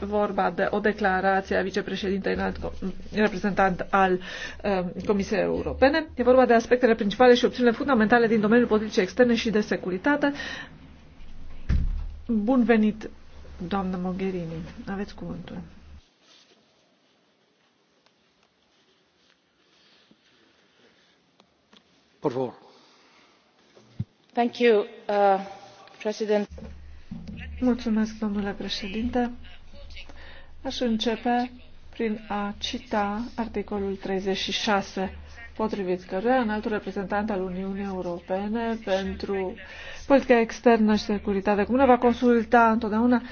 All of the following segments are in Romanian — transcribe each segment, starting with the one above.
vorba de o declarație a vicepreședintei înalt reprezentant al uh, Comisiei Europene. E vorba de aspectele principale și opțiunile fundamentale din domeniul politicii externe și de securitate. Bun venit, doamnă Mogherini. Aveți cuvântul. Por favor. Thank you, uh, President. Mulțumesc, domnule președinte Aș începe prin a cita articolul 36, potrivit căruia înaltul reprezentant al Uniunii Europene pentru politica externă și securitate comună va consulta întotdeauna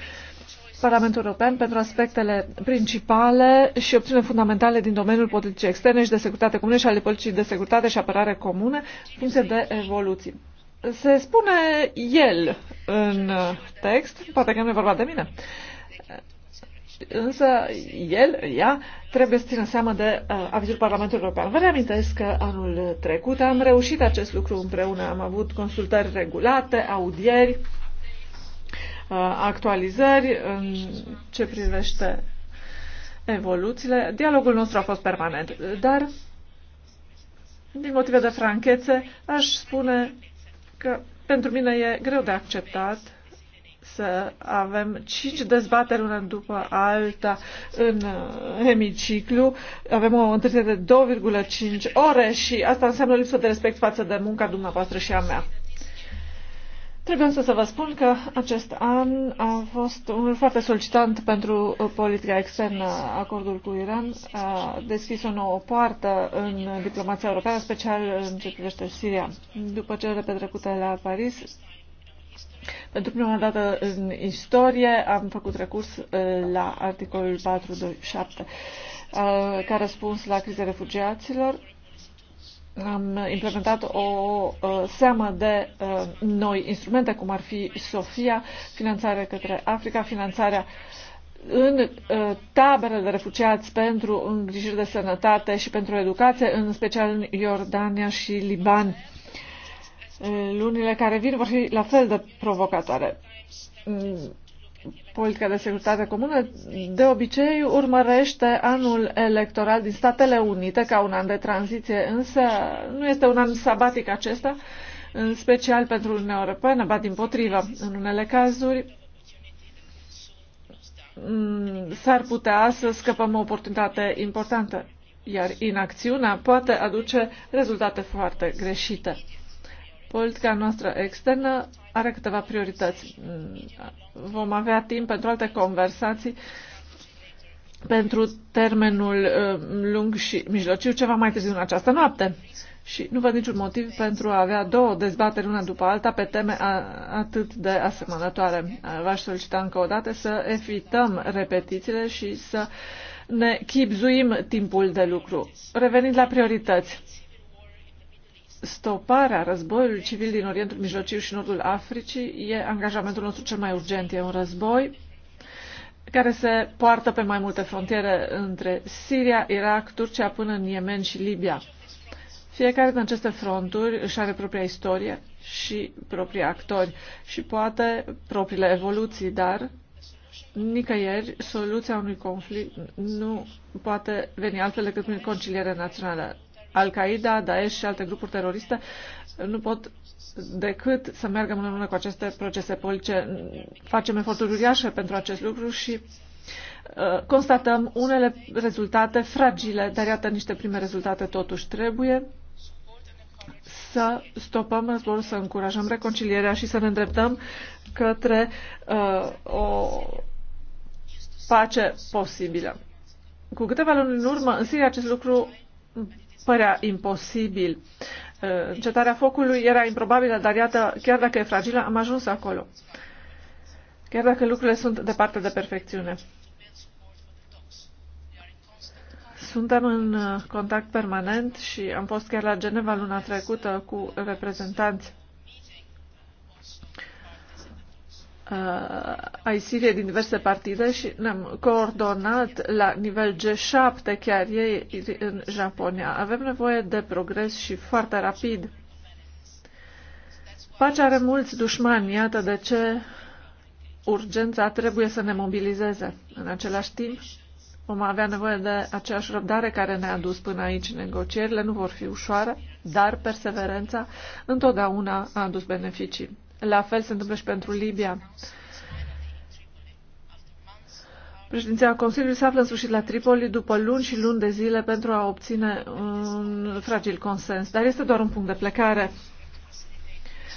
Parlamentul European pentru aspectele principale și opțiune fundamentale din domeniul politicii externe și de securitate comune și ale politicii de securitate și apărare comune, în funcție de evoluții. Se spune el în text, poate că nu e vorba de mine, însă el, ea, trebuie să țină seama de uh, avizul Parlamentului European. Vă reamintesc că anul trecut am reușit acest lucru împreună. Am avut consultări regulate, audieri, uh, actualizări în ce privește evoluțiile. Dialogul nostru a fost permanent, dar din motive de franchețe aș spune că pentru mine e greu de acceptat să avem cinci dezbateri una după alta în uh, hemiciclu. Avem o întârziere de 2,5 ore și asta înseamnă lipsă de respect față de munca dumneavoastră și a mea. Trebuie însă să vă spun că acest an a fost unul foarte solicitant pentru politica externă. Acordul cu Iran a deschis o nouă poartă în diplomația europeană, special în ce privește Siria. După cele petrecute la Paris, pentru prima dată în istorie am făcut recurs uh, la articolul 427 uh, ca răspuns la criza refugiaților. Am implementat o uh, seamă de noi instrumente, cum ar fi SOFIA, finanțarea către Africa, finanțarea în tabere de refugiați pentru îngrijiri de sănătate și pentru educație, în special în Iordania și Liban lunile care vin vor fi la fel de provocatoare. Politica de securitate comună de obicei urmărește anul electoral din Statele Unite ca un an de tranziție, însă nu este un an sabatic acesta, în special pentru Uniunea Europeană, ba din potrivă. În unele cazuri mm, s-ar putea să scăpăm o oportunitate importantă, iar inacțiunea poate aduce rezultate foarte greșite. Politica noastră externă are câteva priorități. Vom avea timp pentru alte conversații pentru termenul uh, lung și mijlociu ceva mai târziu în această noapte. Și nu văd niciun motiv pentru a avea două dezbateri una după alta pe teme atât de asemănătoare. Uh, V-aș solicita încă o dată să evităm repetițiile și să ne chipzuim timpul de lucru. Revenind la priorități stoparea războiului civil din Orientul Mijlociu și Nordul Africii e angajamentul nostru cel mai urgent. E un război care se poartă pe mai multe frontiere între Siria, Irak, Turcia până în Yemen și Libia. Fiecare din aceste fronturi își are propria istorie și proprii actori și poate propriile evoluții, dar nicăieri soluția unui conflict nu poate veni altfel decât prin conciliere națională. Al-Qaeda, Daesh și alte grupuri teroriste nu pot decât să meargă mână în mână cu aceste procese politice. Facem eforturi uriașe pentru acest lucru și uh, constatăm unele rezultate fragile, dar iată niște prime rezultate totuși trebuie să stopăm războiul, să încurajăm reconcilierea și să ne îndreptăm către uh, o pace posibilă. Cu câteva luni în urmă, în Siria acest lucru părea imposibil. Uh, încetarea focului era improbabilă, dar iată, chiar dacă e fragilă, am ajuns acolo. Chiar dacă lucrurile sunt departe de perfecțiune. Suntem în uh, contact permanent și am fost chiar la Geneva luna trecută cu reprezentanți Uh, ai Siriei din diverse partide și ne-am coordonat la nivel G7, chiar ei în Japonia. Avem nevoie de progres și foarte rapid. Pacea are mulți dușmani, iată de ce urgența trebuie să ne mobilizeze. În același timp, vom avea nevoie de aceeași răbdare care ne-a dus până aici. Negocierile nu vor fi ușoare, dar perseverența întotdeauna a adus beneficii. La fel se întâmplă și pentru Libia. Președinția Consiliului se află în sfârșit la Tripoli după luni și luni de zile pentru a obține un fragil consens, dar este doar un punct de plecare.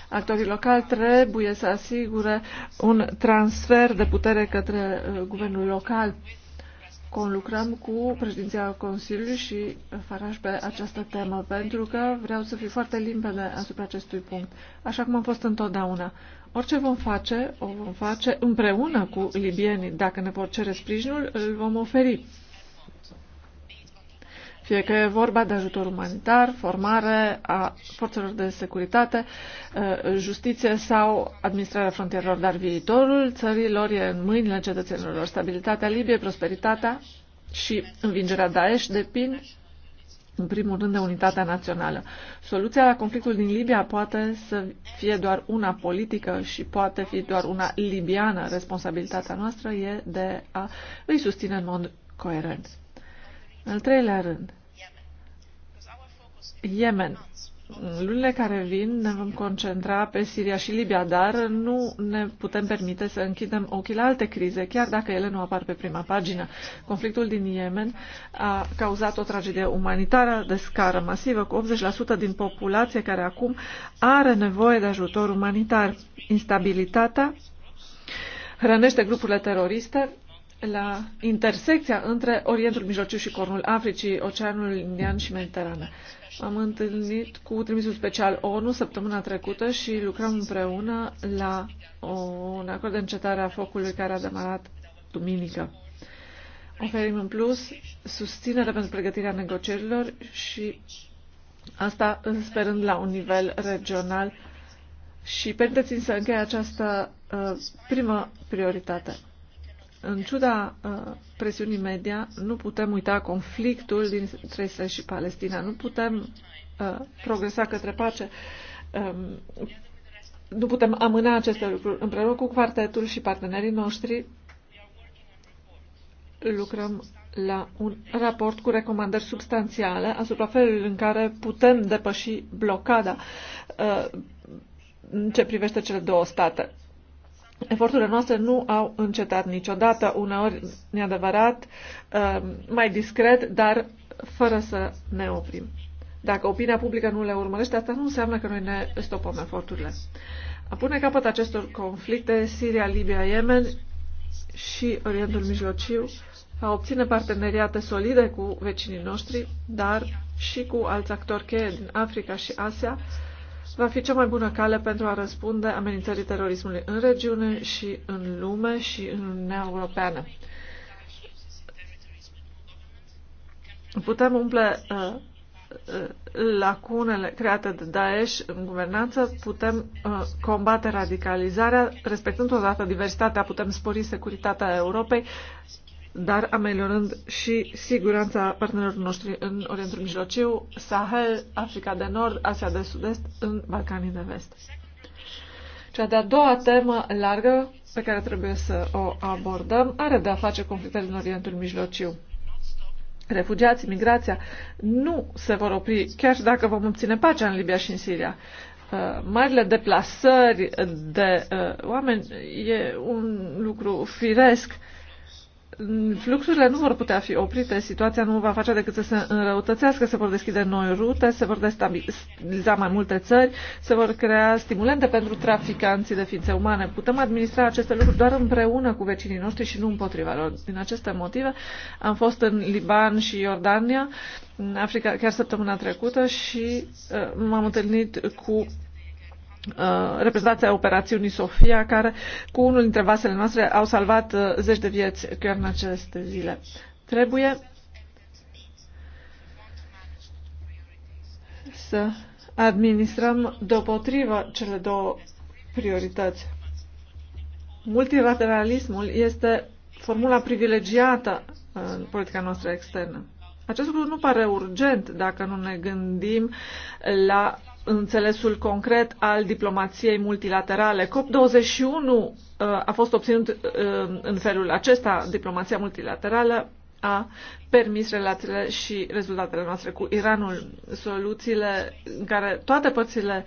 Actorii locali trebuie să asigure un transfer de putere către uh, guvernul local conlucrăm cu președinția Consiliului și uh, Faraș pe această temă, pentru că vreau să fiu foarte limpede asupra acestui punct, așa cum am fost întotdeauna. Orice vom face, o vom face împreună cu libienii. Dacă ne vor cere sprijinul, îl vom oferi fie că e vorba de ajutor umanitar, formare a forțelor de securitate, eh, justiție sau administrarea frontierelor, dar viitorul țărilor e în mâinile cetățenilor. Stabilitatea Libiei, prosperitatea și învingerea Daesh depind în primul rând de unitatea națională. Soluția la conflictul din Libia poate să fie doar una politică și poate fi doar una libiană. Responsabilitatea noastră e de a îi susține în mod coerent. În al treilea rând, Yemen. Lunile care vin ne vom concentra pe Siria și Libia, dar nu ne putem permite să închidem ochii la alte crize, chiar dacă ele nu apar pe prima pagină. Conflictul din Yemen a cauzat o tragedie umanitară de scară masivă, cu 80% din populație care acum are nevoie de ajutor umanitar. Instabilitatea hrănește grupurile teroriste la intersecția între Orientul Mijlociu și Cornul Africii, Oceanul Indian și Mediterana. Am întâlnit cu trimisul special ONU săptămâna trecută și lucrăm împreună la un acord de încetare a focului care a demarat duminică. Oferim în plus susținere pentru pregătirea negocierilor și asta sperând la un nivel regional și permiteți-mi să încheie această uh, primă prioritate. În ciuda uh, presiunii media, nu putem uita conflictul dintre Israel și Palestina. Nu putem uh, progresa către pace. Um, nu putem amâna aceste lucruri. Împreună cu quartetul și partenerii noștri lucrăm la un raport cu recomandări substanțiale asupra felului în care putem depăși blocada uh, în ce privește cele două state. Eforturile noastre nu au încetat niciodată, uneori, neadevărat, uh, mai discret, dar fără să ne oprim. Dacă opinia publică nu le urmărește, asta nu înseamnă că noi ne stopăm eforturile. A pune capăt acestor conflicte, Siria, Libia, Yemen și Orientul Mijlociu, a obține parteneriate solide cu vecinii noștri, dar și cu alți actori cheie din Africa și Asia, va fi cea mai bună cale pentru a răspunde amenințării terorismului în regiune și în lume și în Uniunea Europeană. Putem umple uh, uh lacunele create de Daesh în guvernanță, putem uh, combate radicalizarea, respectând odată diversitatea, putem spori securitatea Europei, dar ameliorând și siguranța partenerilor noștri în Orientul Mijlociu, Sahel, Africa de Nord, Asia de Sud-Est, în Balcanii de Vest. Cea de-a doua temă largă pe care trebuie să o abordăm are de a face conflictele din Orientul Mijlociu. Refugiații, migrația nu se vor opri chiar și dacă vom obține pacea în Libia și în Siria. Uh, marile deplasări de uh, oameni e un lucru firesc Fluxurile nu vor putea fi oprite, situația nu va face decât să se înrăutățească, se vor deschide noi rute, se vor destabiliza mai multe țări, se vor crea stimulente pentru traficanții de ființe umane. Putem administra aceste lucruri doar împreună cu vecinii noștri și nu împotriva lor. Din aceste motive am fost în Liban și Iordania, în Africa chiar săptămâna trecută și uh, m-am întâlnit cu Uh, reprezentanții operațiunii Sofia, care cu unul dintre vasele noastre au salvat uh, zeci de vieți chiar în aceste zile. Trebuie să administrăm deopotrivă cele două priorități. Multilateralismul este formula privilegiată în politica noastră externă. Acest lucru nu pare urgent dacă nu ne gândim la înțelesul concret al diplomației multilaterale. COP21 uh, a fost obținut uh, în felul acesta. Diplomația multilaterală a permis relațiile și rezultatele noastre cu Iranul, soluțiile în care toate părțile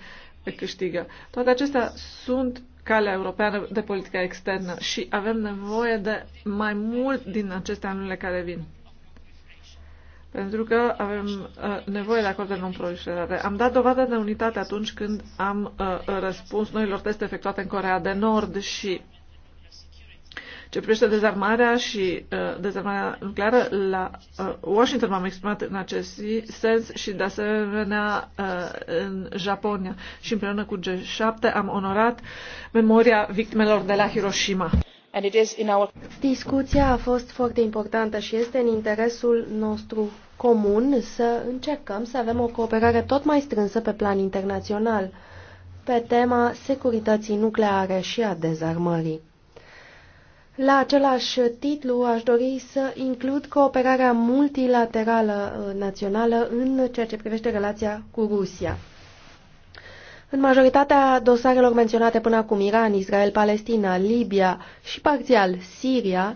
câștigă. Toate acestea sunt calea europeană de politică externă și avem nevoie de mai mult din aceste anule care vin pentru că avem uh, nevoie de de non-proliferare. Am dat dovadă de unitate atunci când am uh, răspuns noilor teste efectuate în Corea de Nord și ce privește dezarmarea și uh, dezarmarea nucleară, la uh, Washington m-am exprimat în acest sens și de asemenea uh, în Japonia. Și împreună cu G7 am onorat memoria victimelor de la Hiroshima. Discuția a fost foarte importantă și este în interesul nostru comun să încercăm să avem o cooperare tot mai strânsă pe plan internațional pe tema securității nucleare și a dezarmării. La același titlu aș dori să includ cooperarea multilaterală uh, națională în ceea ce privește relația cu Rusia. În majoritatea dosarelor menționate până acum, Iran, Israel, Palestina, Libia și parțial Siria,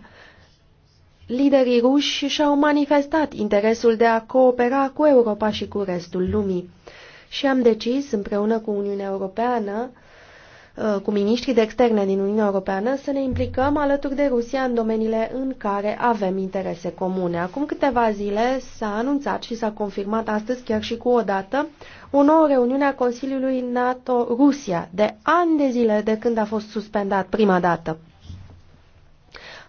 liderii ruși și-au manifestat interesul de a coopera cu Europa și cu restul lumii. Și am decis, împreună cu Uniunea Europeană, Uh, cu miniștrii de externe din Uniunea Europeană să ne implicăm alături de Rusia în domeniile în care avem interese comune. Acum câteva zile s-a anunțat și s-a confirmat astăzi chiar și cu o dată o nouă reuniune a Consiliului NATO-Rusia de ani de zile de când a fost suspendat prima dată.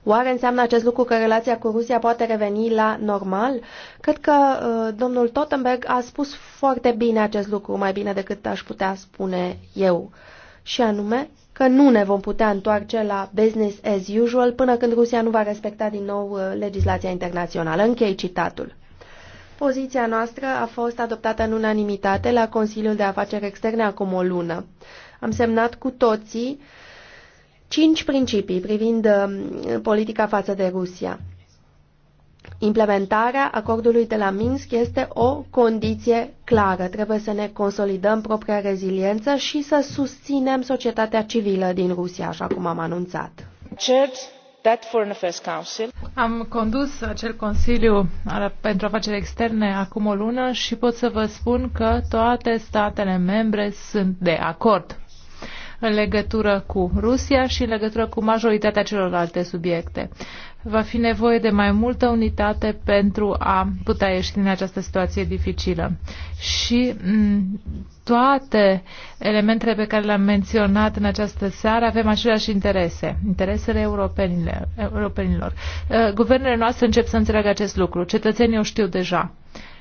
Oare înseamnă acest lucru că relația cu Rusia poate reveni la normal? Cred că uh, domnul Tottenberg a spus foarte bine acest lucru, mai bine decât aș putea spune eu. Uh, și anume că nu ne vom putea întoarce la business as usual până când Rusia nu va respecta din nou uh, legislația internațională. Închei citatul. Poziția noastră a fost adoptată în unanimitate la Consiliul de Afaceri Externe acum o lună. Am semnat cu toții cinci principii privind uh, politica față de Rusia. Implementarea acordului de la Minsk este o condiție clară. Trebuie să ne consolidăm propria reziliență și să susținem societatea civilă din Rusia, așa cum am anunțat. Am condus acel Consiliu pentru afaceri externe acum o lună și pot să vă spun că toate statele membre sunt de acord în legătură cu Rusia și în legătură cu majoritatea celorlalte subiecte va fi nevoie de mai multă unitate pentru a putea ieși din această situație dificilă. Și toate elementele pe care le-am menționat în această seară avem aceleași interese, interesele europenilor. Uh, guvernele noastre încep să înțeleagă acest lucru, cetățenii o știu deja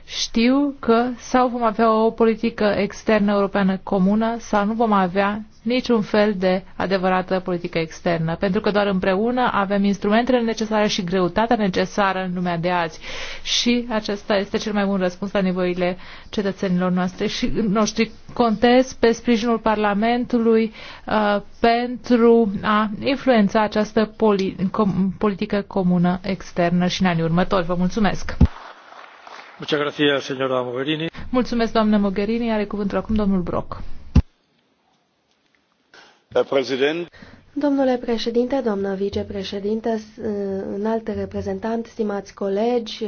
știu că sau vom avea o politică externă europeană comună sau nu vom avea niciun fel de adevărată politică externă, pentru că doar împreună avem instrumentele necesare și greutatea necesară în lumea de azi. Și acesta este cel mai bun răspuns la nevoile cetățenilor noastre și noștri. Contez pe sprijinul Parlamentului uh, pentru a influența această poli- com- politică comună externă și în anii următori. Vă mulțumesc! Mulțumesc, doamnă Mogherini. Are cuvântul acum domnul Brock. Domnule președinte, doamnă vicepreședinte, înalt reprezentant, stimați colegi,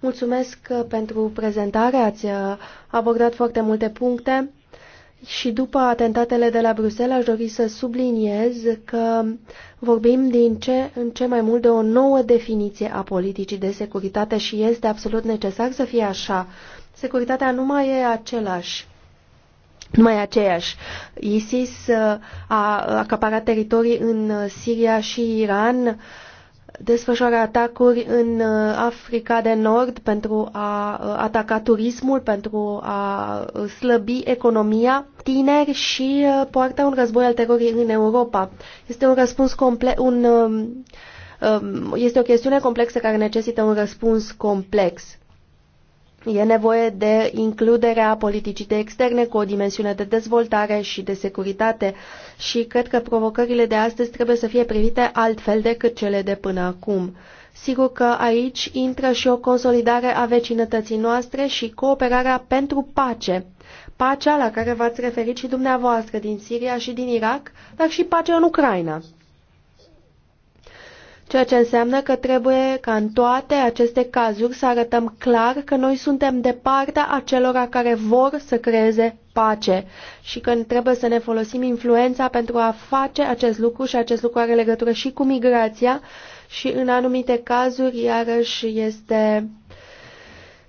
mulțumesc pentru prezentare, ați abordat foarte multe puncte. Și după atentatele de la Bruxelles aș dori să subliniez că vorbim din ce în ce mai mult de o nouă definiție a politicii de securitate și este absolut necesar să fie așa. Securitatea nu mai e același mai aceeași. ISIS uh, a acaparat teritorii în Siria și Iran, desfășoară atacuri în uh, Africa de Nord pentru a uh, ataca turismul, pentru a uh, slăbi economia, tineri și poartă un război al terorii în Europa. Este un răspuns complet, un, um, um, este o chestiune complexă care necesită un răspuns complex. E nevoie de includerea politicii de externe cu o dimensiune de dezvoltare și de securitate și cred că provocările de astăzi trebuie să fie privite altfel decât cele de până acum. Sigur că aici intră și o consolidare a vecinătății noastre și cooperarea pentru pace. Pacea la care v-ați referit și dumneavoastră din Siria și din Irak, dar și pacea în Ucraina. Ceea ce înseamnă că trebuie ca în toate aceste cazuri să arătăm clar că noi suntem de partea acelora care vor să creeze pace și că trebuie să ne folosim influența pentru a face acest lucru și acest lucru are legătură și cu migrația și în anumite cazuri iarăși este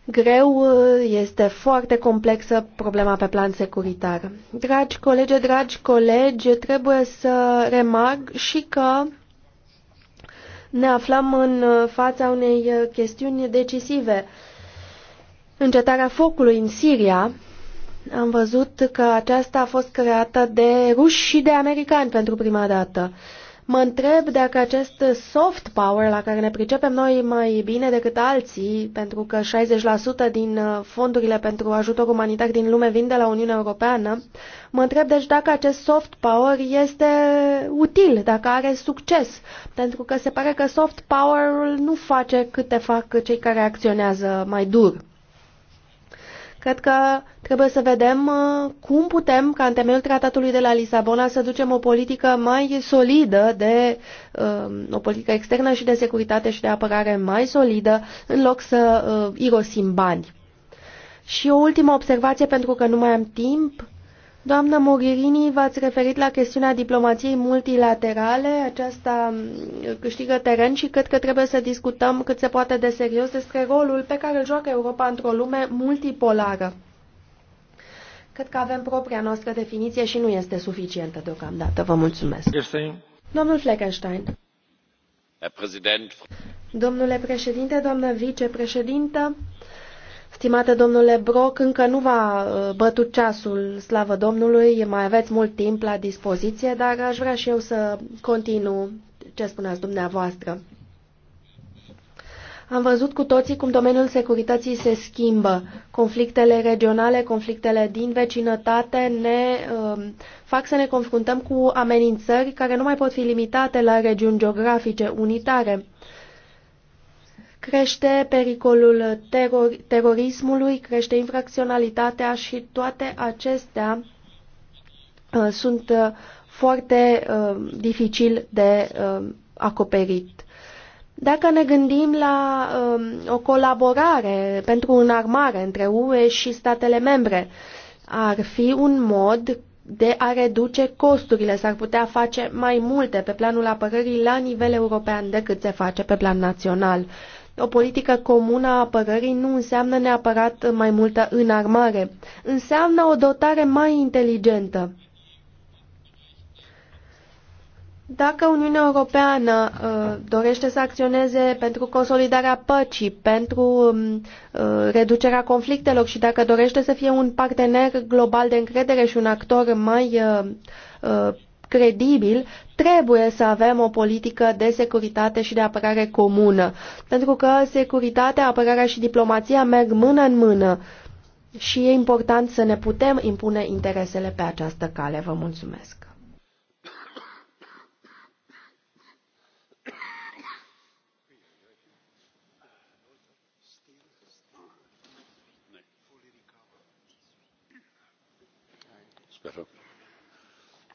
greu, este foarte complexă problema pe plan securitar. Dragi colegi, dragi colegi, trebuie să remarc și că ne aflăm în uh, fața unei uh, chestiuni decisive. Încetarea focului în Siria, am văzut că aceasta a fost creată de ruși și de americani pentru prima dată. Mă întreb dacă acest soft power la care ne pricepem noi mai bine decât alții, pentru că 60% din uh, fondurile pentru ajutor umanitar din lume vin de la Uniunea Europeană, mă întreb deci dacă acest soft power este util, dacă are succes, pentru că se pare că soft power-ul nu face câte fac cei care acționează mai dur. Cred că trebuie să vedem uh, cum putem, ca în temeiul tratatului de la Lisabona, să ducem o politică mai solidă de uh, o politică externă și de securitate și de apărare mai solidă, în loc să uh, irosim bani. Și o ultimă observație, pentru că nu mai am timp. Doamna Mogherini, v-ați referit la chestiunea diplomației multilaterale. Aceasta mm, câștigă teren și cred că trebuie să discutăm cât se poate de serios despre rolul pe care îl joacă Europa într-o lume multipolară. Cred că avem propria noastră definiție și nu este suficientă deocamdată. Vă mulțumesc. Domnul Fleckenstein. Domnule președinte, doamnă vicepreședintă, Stimate domnule Broc, încă nu v-a uh, bătut ceasul, slavă Domnului, mai aveți mult timp la dispoziție, dar aș vrea și eu să continu ce spuneați dumneavoastră. Am văzut cu toții cum domeniul securității se schimbă. Conflictele regionale, conflictele din vecinătate ne uh, fac să ne confruntăm cu amenințări care nu mai pot fi limitate la regiuni geografice unitare. Uh, crește pericolul teror terorismului, crește infracționalitatea și toate acestea uh, sunt uh, foarte uh, dificil de uh, acoperit. Dacă ne gândim la um, o colaborare pentru înarmare între UE și statele membre, ar fi un mod de a reduce costurile. S-ar putea face mai multe pe planul apărării la nivel european decât se face pe plan național. O politică comună a apărării nu înseamnă neapărat mai multă înarmare, înseamnă o dotare mai inteligentă. Dacă Uniunea Europeană uh, dorește să acționeze pentru consolidarea păcii, pentru um, uh, reducerea conflictelor și dacă dorește să fie un partener global de încredere și un actor mai uh, uh credibil, trebuie să avem o politică de securitate și de apărare comună, pentru că securitatea, apărarea și diplomația merg mână în mână și e important să ne putem impune interesele pe această cale. Vă mulțumesc!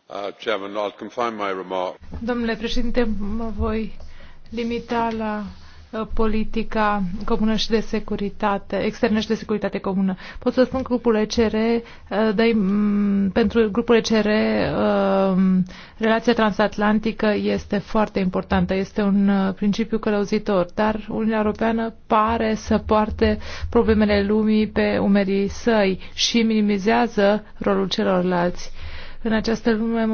Uh, Domnule președinte, mă voi limita la uh, politica comună și de securitate, externă și de securitate comună. Pot să spun că grupul ECR, uh, dai, pentru grupul ECR, relația transatlantică este foarte importantă, este un principiu călăuzitor, dar Uniunea Europeană pare să poarte problemele lumii pe umerii săi și minimizează rolul celorlalți în această lume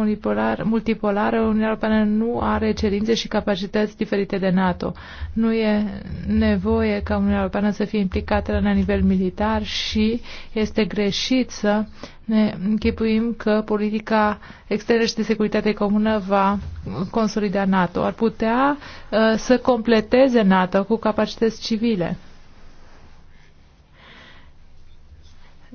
multipolară, Uniunea Europeană nu are cerințe și capacități diferite de NATO. Nu e nevoie ca Uniunea Europeană să fie implicată la nivel militar și este greșit să ne închipuim că politica externă și de securitate comună va consolida NATO. Ar putea uh, să completeze NATO cu capacități civile.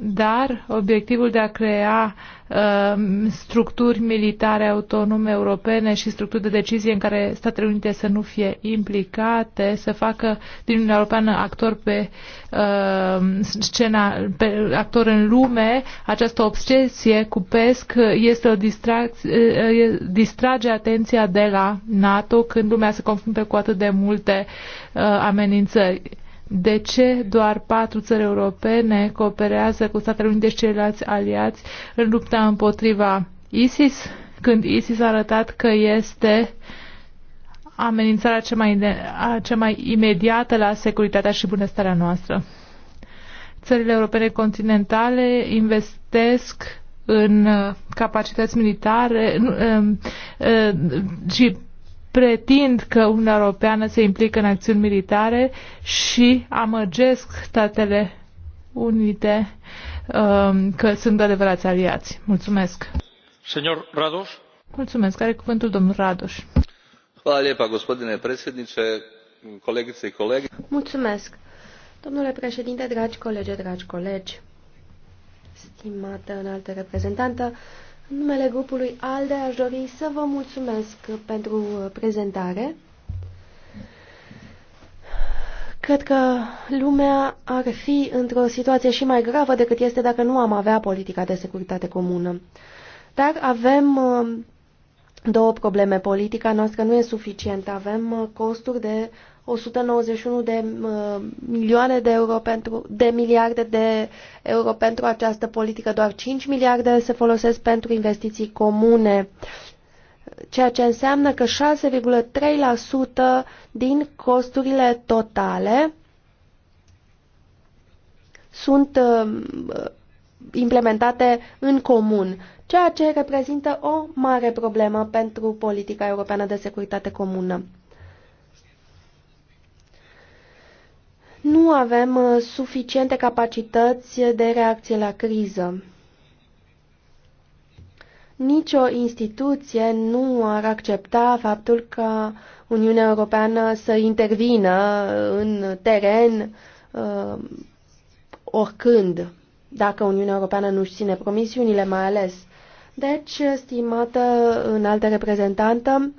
dar obiectivul de a crea uh, structuri militare autonome europene și structuri de decizie în care Statele Unite să nu fie implicate, să facă din Uniunea Europeană actor pe uh, scena, pe, actor în lume, această obsesie cu PESC este o distracție, uh, distrage atenția de la NATO când lumea se confruntă cu atât de multe uh, amenințări de ce doar patru țări europene cooperează cu Statele Unite și ceilalți aliați în lupta împotriva ISIS, când ISIS a arătat că este amenințarea cea mai, cea mai imediată la securitatea și bunăstarea noastră. Țările europene continentale investesc în uh, capacități militare um, uh, și pretind că Uniunea Europeană se implică în acțiuni militare și amăgesc Statele Unite um, că sunt adevărați aliați. Mulțumesc. Senor Radoș. Mulțumesc. Are cuvântul domnul Radoș. Hvala lijepa, gospodine predsjedniče, kolegice i kolege. Mulțumesc. Domnule președinte, dragi colegi, dragi colegi, stimată înaltă reprezentantă, în numele grupului ALDE aș dori să vă mulțumesc pentru prezentare. Cred că lumea ar fi într-o situație și mai gravă decât este dacă nu am avea politica de securitate comună. Dar avem uh, două probleme. Politica noastră nu e suficientă. Avem uh, costuri de 191 de milioane de euro pentru, de miliarde de euro pentru această politică, doar 5 miliarde se folosesc pentru investiții comune, ceea ce înseamnă că 6,3% din costurile totale sunt ă, implementate în comun, ceea ce reprezintă o mare problemă pentru politica europeană de securitate comună. nu avem uh, suficiente capacități de reacție la criză. Nicio instituție nu ar accepta faptul că Uniunea Europeană să intervină în teren uh, oricând, dacă Uniunea Europeană nu-și ține promisiunile mai ales. Deci, stimată înaltă reprezentantă,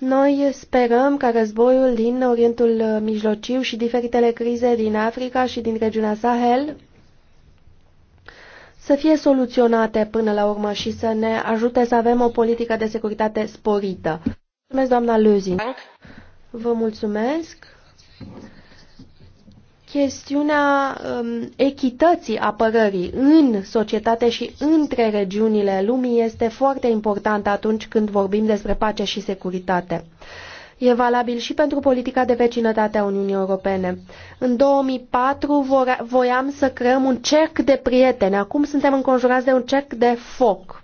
noi sperăm ca războiul din Orientul Mijlociu și diferitele crize din Africa și din regiunea Sahel să fie soluționate până la urmă și să ne ajute să avem o politică de securitate sporită. Mulțumesc, doamna Lözin. Vă mulțumesc chestiunea um, echității apărării în societate și între regiunile lumii este foarte importantă atunci când vorbim despre pace și securitate. E valabil și pentru politica de vecinătate a Uniunii Europene. În 2004 vor, voiam să creăm un cerc de prieteni. Acum suntem înconjurați de un cerc de foc.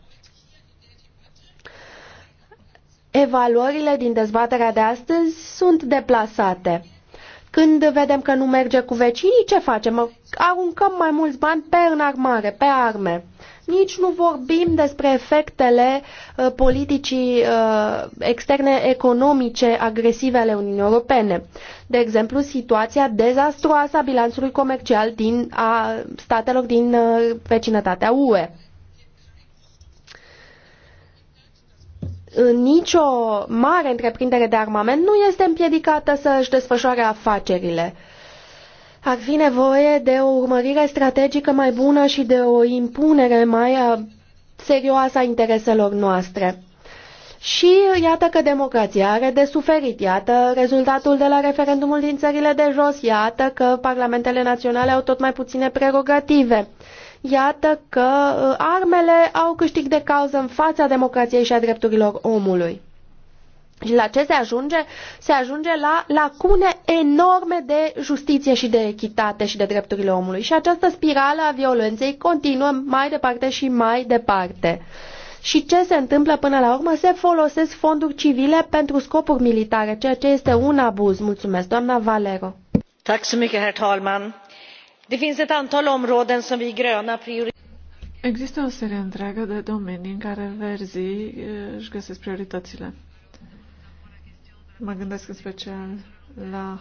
Evaluările din dezbaterea de astăzi sunt deplasate când vedem că nu merge cu vecinii, ce facem? Aruncăm mai mulți bani pe înarmare, pe arme. Nici nu vorbim despre efectele uh, politicii uh, externe economice agresive ale Uniunii Europene. De exemplu, situația dezastroasă a bilanțului comercial din, a statelor din uh, vecinătatea UE. nicio mare întreprindere de armament nu este împiedicată să își desfășoare afacerile. Ar fi nevoie de o urmărire strategică mai bună și de o impunere mai uh, serioasă a intereselor noastre. Și iată că democrația are de suferit, iată rezultatul de la referendumul din țările de jos, iată că parlamentele naționale au tot mai puține prerogative. Iată că uh, armele au câștig de cauză în fața democrației și a drepturilor omului. Și la ce se ajunge? Se ajunge la lacune enorme de justiție și de echitate și de drepturile omului. Și această spirală a violenței continuă mai departe și mai departe. Și ce se întâmplă până la urmă? Se folosesc fonduri civile pentru scopuri militare, ceea ce este un abuz. Mulțumesc, doamna Valero. Mulțumesc, doamna Există o serie întreagă de domenii în care verzii eh, își găsesc prioritățile. Mă gândesc în special la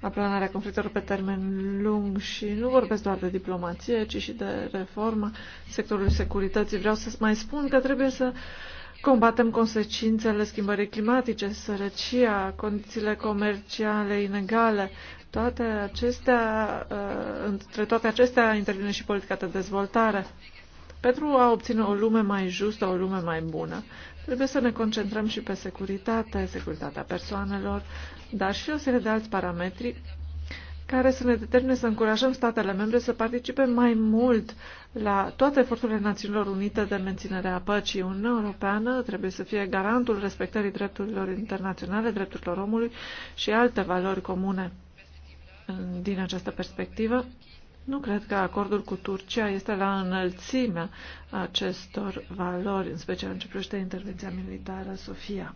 aplanarea conflictelor pe termen lung și nu vorbesc doar de diplomație, ci și de reformă sectorului securității. Vreau să mai spun că trebuie să combatem consecințele schimbării climatice, sărăcia, condițiile comerciale inegale, toate acestea, uh, între toate acestea intervine și politica de dezvoltare. Pentru a obține o lume mai justă, o lume mai bună, trebuie să ne concentrăm și pe securitate, securitatea persoanelor, dar și o serie de alți parametri care să ne determine să încurajăm statele membre să participe mai mult la toate eforturile Națiunilor Unite de menținere a păcii. Uniunea Europeană trebuie să fie garantul respectării drepturilor internaționale, drepturilor omului și alte valori comune din această perspectivă. Nu cred că acordul cu Turcia este la înălțimea acestor valori, în special în ce privește intervenția militară Sofia.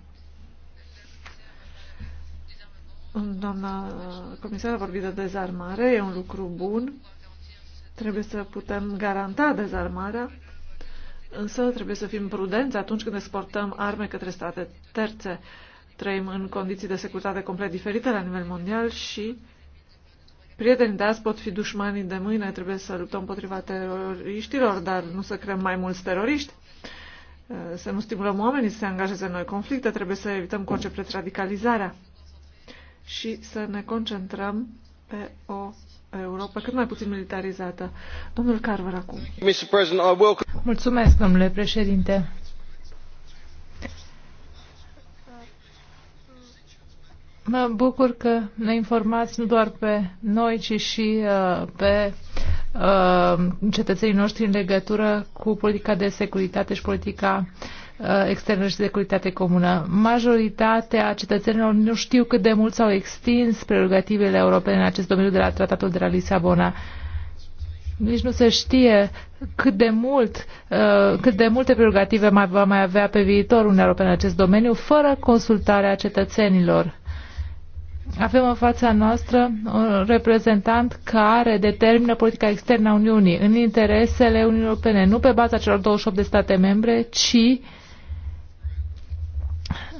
Doamna Comisară, a vorbit de dezarmare, e un lucru bun. Trebuie să putem garanta dezarmarea, însă trebuie să fim prudenți atunci când exportăm arme către state terțe. Trăim în condiții de securitate complet diferite la nivel mondial și uh, prietenii de azi pot fi dușmanii de mâine, trebuie să luptăm împotriva teroriștilor, dar nu să creăm mai mulți teroriști, eh, să nu stimulăm oamenii să se angajeze în noi conflicte, trebuie să evităm cu orice preț radicalizarea și să ne concentrăm pe o Europa cât mai puțin militarizată. Domnul Carver acum. Mulțumesc, domnule președinte. Mă bucur că ne informați nu doar pe noi, ci și uh, pe uh, cetățenii noștri în legătură cu politica de securitate și politica uh, externă și securitate comună. Majoritatea cetățenilor nu știu cât de mult s-au extins prerogativele europene în acest domeniu de la Tratatul de la Lisabona. Nici nu se știe cât de mult, uh, cât de multe prerogative va mai avea pe viitor Uniunea Europeană în acest domeniu, fără consultarea cetățenilor avem în fața noastră un reprezentant care determină politica externă a Uniunii în interesele Uniunii Europene, nu pe baza celor 28 de state membre, ci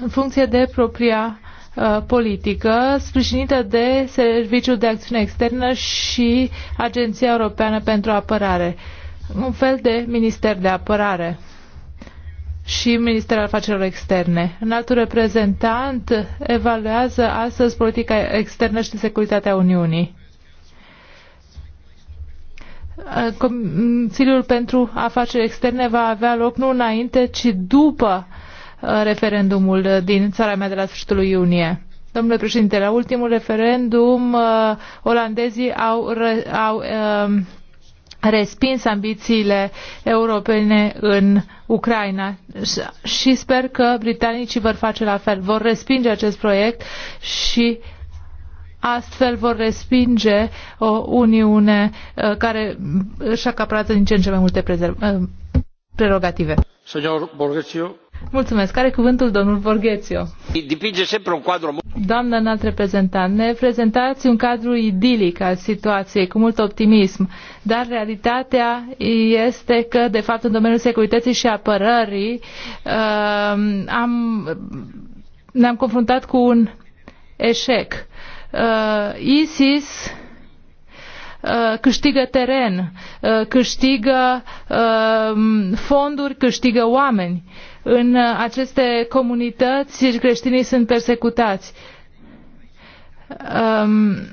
în funcție de propria uh, politică sprijinită de Serviciul de Acțiune Externă și Agenția Europeană pentru Apărare, un fel de minister de apărare și Ministerul Afacerilor Externe. În altul reprezentant evaluează astăzi politica externă și de securitate a Uniunii. Consiliul pentru Afaceri Externe va avea loc nu înainte, ci după uh, referendumul din țara mea de la sfârșitul lui iunie. Domnule președinte, la ultimul referendum uh, olandezii au, au um, respins ambițiile europene în Ucraina și sper că britanicii vor face la fel, vor respinge acest proiect și astfel vor respinge o Uniune uh, care își acaparează din ce în ce mai multe uh, prerogative. Mulțumesc. Care cuvântul domnul Borghețiu. Dipinge sempre un quadro Doamnă înalt reprezentant, ne prezentați un cadru idilic al situației, cu mult optimism, dar realitatea este că, de fapt, în domeniul securității și apărării uh, am, ne-am confruntat cu un eșec. Uh, ISIS uh, câștigă teren, uh, câștigă uh, fonduri, câștigă oameni. În aceste comunități creștinii sunt persecutați um,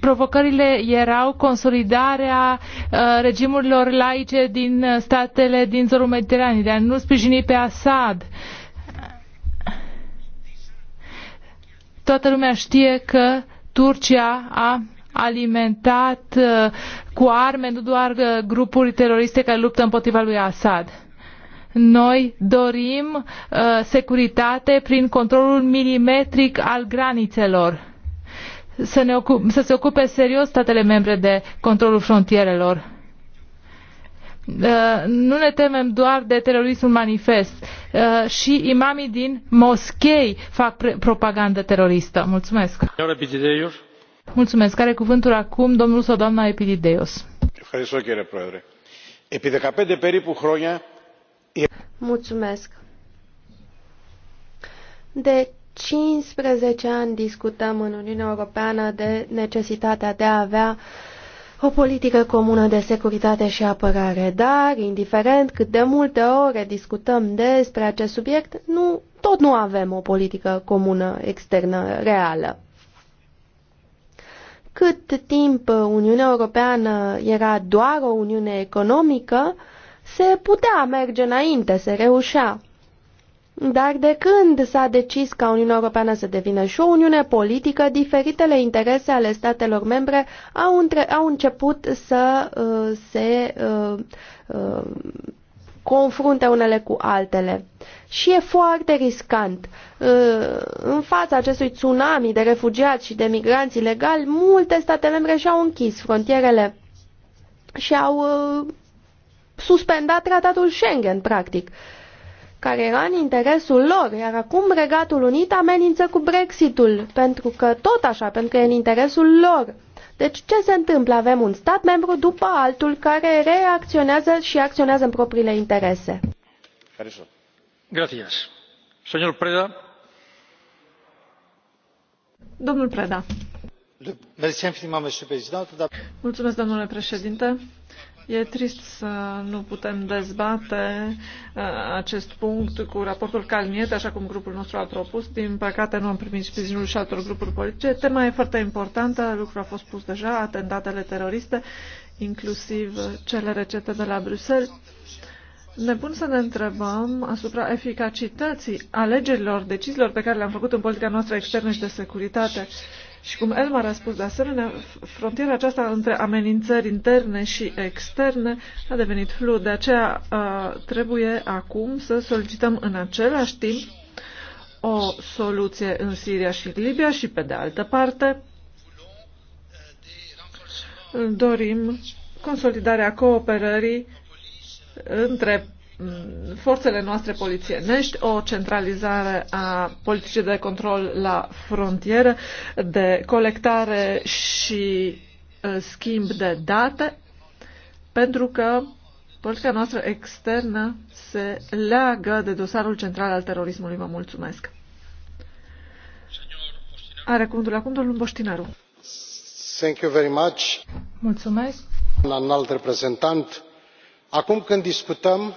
provocările erau consolidarea uh, regimurilor laice din statele din zorul Mediteranei, de a nu sprijini pe Assad. Toată lumea știe că Turcia a alimentat uh, cu arme nu doar uh, grupuri teroriste care luptă împotriva lui Assad. Noi dorim uh, securitate prin controlul milimetric al granițelor. Să, ne ocup, să se ocupe serios statele membre de controlul frontierelor. Uh, nu ne temem doar de terorismul manifest. Uh, și imamii din moschei fac propagandă teroristă. Mulțumesc. Mulțumesc. Are cuvântul acum domnul sau doamna Epidideios. Ευχαριστώ κύριε Πρόεδρε. Επί Mulțumesc. De 15 ani discutăm în Uniunea Europeană de necesitatea de a avea o politică comună de securitate și apărare, dar, indiferent cât de multe ore discutăm despre acest subiect, nu, tot nu avem o politică comună externă reală. Cât timp Uniunea Europeană era doar o Uniune economică, se putea merge înainte, se reușea. Dar de când s-a decis ca Uniunea Europeană să devină și o Uniune politică, diferitele interese ale statelor membre au, între, au început să uh, se uh, uh, confrunte unele cu altele. Și e foarte riscant. Uh, în fața acestui tsunami de refugiați și de migranți ilegali, multe state membre și-au închis frontierele și au uh, suspendat tratatul Schengen, practic, care era în interesul lor, iar acum Regatul Unit amenință cu Brexitul, pentru că tot așa, pentru că e în interesul lor. Deci ce se întâmplă? Avem un stat membru după altul care reacționează și acționează în propriile interese. Gracias. Señor Preda. Domnul Preda. Mulțumesc, domnule președinte E trist să nu putem dezbate uh, acest punct cu raportul Calmiet, așa cum grupul nostru a propus. Din păcate nu am primit sprijinul și altor grupuri politice. Tema e foarte importantă, lucrul a fost pus deja, atentatele teroriste, inclusiv cele recete de la Bruxelles. Ne pun să ne întrebăm asupra eficacității alegerilor, deciziilor pe care le-am făcut în politica noastră externă și de securitate. Și cum Elmar a spus de asemenea, frontiera aceasta între amenințări interne și externe a devenit flu. De aceea trebuie acum să solicităm în același timp o soluție în Siria și Libia și, pe de altă parte, dorim consolidarea cooperării între Mm, forțele noastre polițienești, o centralizare a politicii de control la frontieră, de colectare și uh, schimb de date, pentru că politica noastră externă se leagă de dosarul central al terorismului. Vă mulțumesc. Are cuvântul acum domnul Boștinaru. Thank you very much. Mulțumesc. Un înalt reprezentant. Acum când discutăm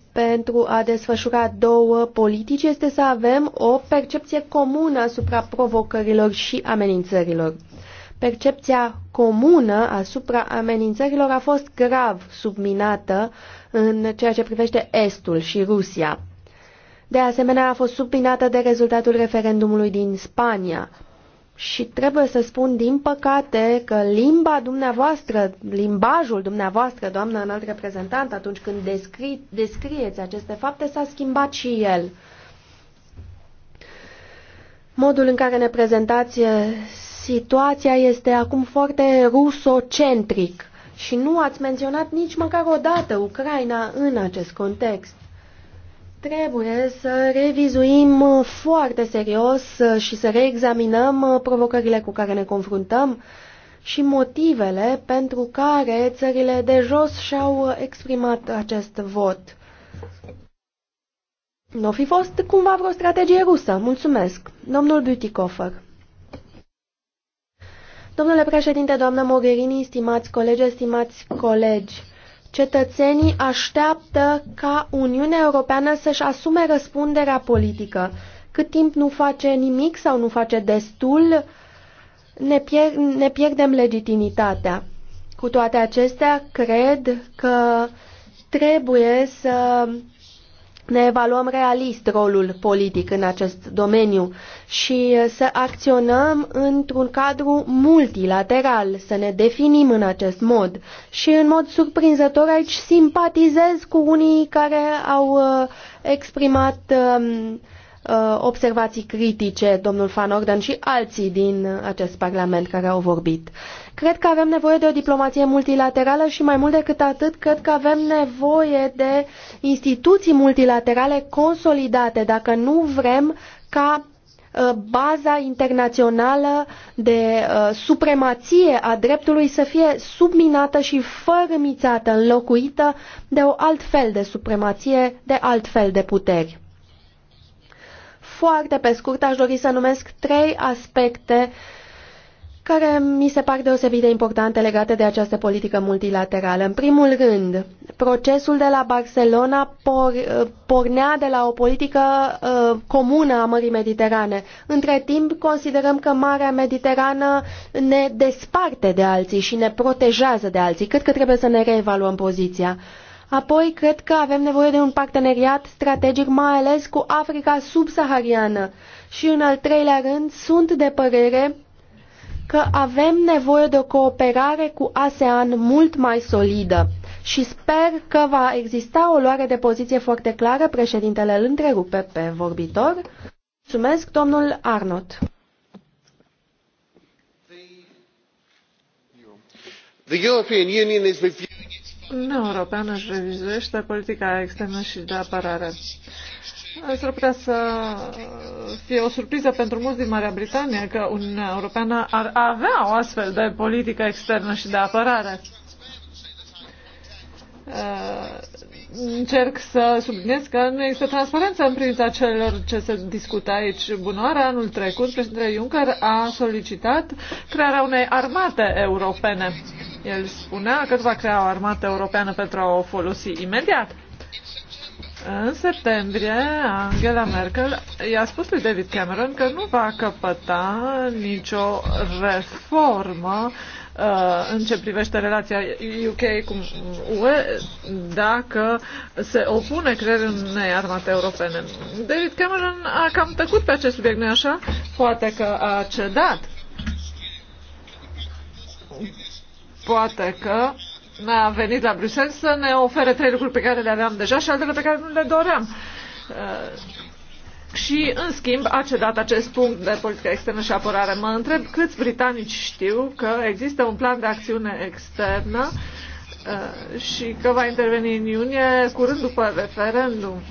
pentru a desfășura două politici este să avem o percepție comună asupra provocărilor și amenințărilor. Percepția comună asupra amenințărilor a fost grav subminată în ceea ce privește Estul și Rusia. De asemenea, a fost subminată de rezultatul referendumului din Spania, și trebuie să spun, din păcate, că limba dumneavoastră, limbajul dumneavoastră, doamnă înalt reprezentant, atunci când descri, descrieți aceste fapte, s-a schimbat și el. Modul în care ne prezentați situația este acum foarte rusocentric și nu ați menționat nici măcar o dată Ucraina în acest context. Trebuie să revizuim uh, foarte serios uh, și să reexaminăm uh, provocările cu care ne confruntăm și motivele pentru care țările de jos și-au exprimat acest vot. Nu fi fost cumva vreo strategie rusă. Mulțumesc. Domnul Butikofer. Domnule președinte, doamnă Mogherini, stimați colegi, stimați colegi, Cetățenii așteaptă ca Uniunea Europeană să-și asume răspunderea politică. Cât timp nu face nimic sau nu face destul, ne, pier ne pierdem legitimitatea. Cu toate acestea, cred că trebuie să ne evaluăm realist rolul politic în acest domeniu și uh, să acționăm într-un cadru multilateral, să ne definim în acest mod. Și în mod surprinzător aici simpatizez cu unii care au uh, exprimat um, uh, observații critice, domnul Van Orden și alții din acest parlament care au vorbit. Cred că avem nevoie de o diplomație multilaterală și mai mult decât atât, cred că avem nevoie de instituții multilaterale consolidate, dacă nu vrem ca uh, baza internațională de uh, supremație a dreptului să fie subminată și fărâmițată, înlocuită de o altfel de supremație, de altfel de puteri. Foarte pe scurt aș dori să numesc trei aspecte uh, care mi se par deosebit de importante legate de această politică multilaterală. În primul rând, procesul de la Barcelona por, uh, pornea de la o politică uh, comună a Mării Mediterane. Între timp, considerăm că Marea Mediterană ne desparte de alții și ne protejează de alții. Cred că trebuie să ne reevaluăm poziția. Apoi, cred că avem nevoie de un parteneriat strategic, mai ales cu Africa subsahariană. Și, în al treilea rând, sunt de părere că avem nevoie de o cooperare cu ASEAN mult mai solidă și sper că va exista o luare de poziție foarte clară. Președintele îl întrerupe pe vorbitor. Mulțumesc, domnul Arnott. Uniunea Europeană își revizuiește politica externă și de apărare. S-ar putea să fie o surpriză pentru mulți din Marea Britanie că Uniunea Europeană ar avea o astfel de politică externă și de apărare. Uh, încerc să subliniez că nu există transparență în privința celor ce se discută aici. Bunoara, anul trecut, președintele Juncker a solicitat crearea unei armate europene. El spunea că va crea o armată europeană pentru a o folosi imediat. În septembrie, Angela Merkel i-a spus lui David Cameron că nu va căpăta nicio reformă uh, în ce privește relația UK cu UE dacă se opune creierea unei armate europene. David Cameron a cam tăcut pe acest subiect, nu așa? Poate că a cedat. Poate că a venit la Bruxelles să ne ofere trei lucruri pe care le aveam deja și altele pe care nu le doream. Uh, și, în schimb, a cedat acest punct de politică externă și apărare. Mă întreb câți britanici știu că există un plan de acțiune externă uh, și că va interveni în iunie curând după referendum.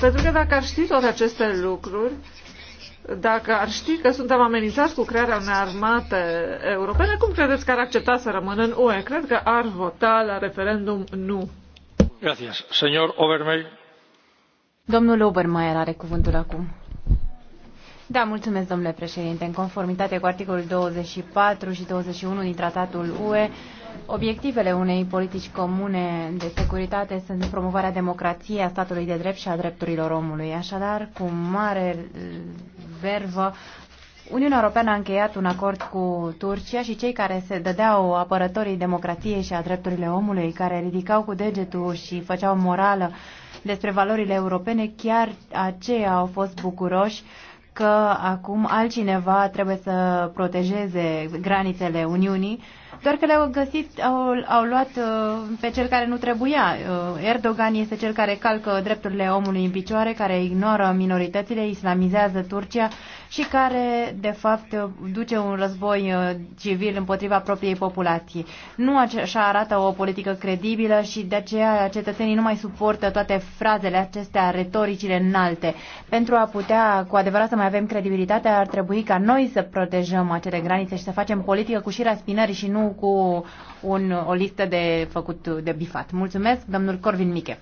Pentru că dacă ar ști toate aceste lucruri, dacă ar ști că suntem amenințați cu crearea unei armate europene, cum credeți că ar accepta să rămână în UE? Cred că ar vota la referendum nu. Gracias. Señor Obermeier. Domnul Obermeier are cuvântul acum. Da, mulțumesc, domnule președinte. În conformitate cu articolul 24 și 21 din Tratatul UE, obiectivele unei politici comune de securitate sunt promovarea democrației, a statului de drept și a drepturilor omului. Așadar, cu mare vervă, Uniunea Europeană a încheiat un acord cu Turcia și cei care se dădeau apărătorii democrației și a drepturile omului, care ridicau cu degetul și făceau morală despre valorile europene, chiar aceia au fost bucuroși că acum altcineva trebuie să protejeze granițele Uniunii doar că le-au găsit, au, au luat uh, pe cel care nu trebuia. Uh, Erdogan este cel care calcă drepturile omului în picioare, care ignoră minoritățile, islamizează Turcia și care, de fapt, duce un război uh, civil împotriva propriei populații. Nu așa arată o politică credibilă și de aceea cetățenii nu mai suportă toate frazele acestea, retoricile înalte. Pentru a putea, cu adevărat, să mai avem credibilitate, ar trebui ca noi să protejăm acele granițe și să facem politică cu șira spinării și nu cu un, o listă de făcut de bifat. Mulțumesc, domnul Corvin Miche.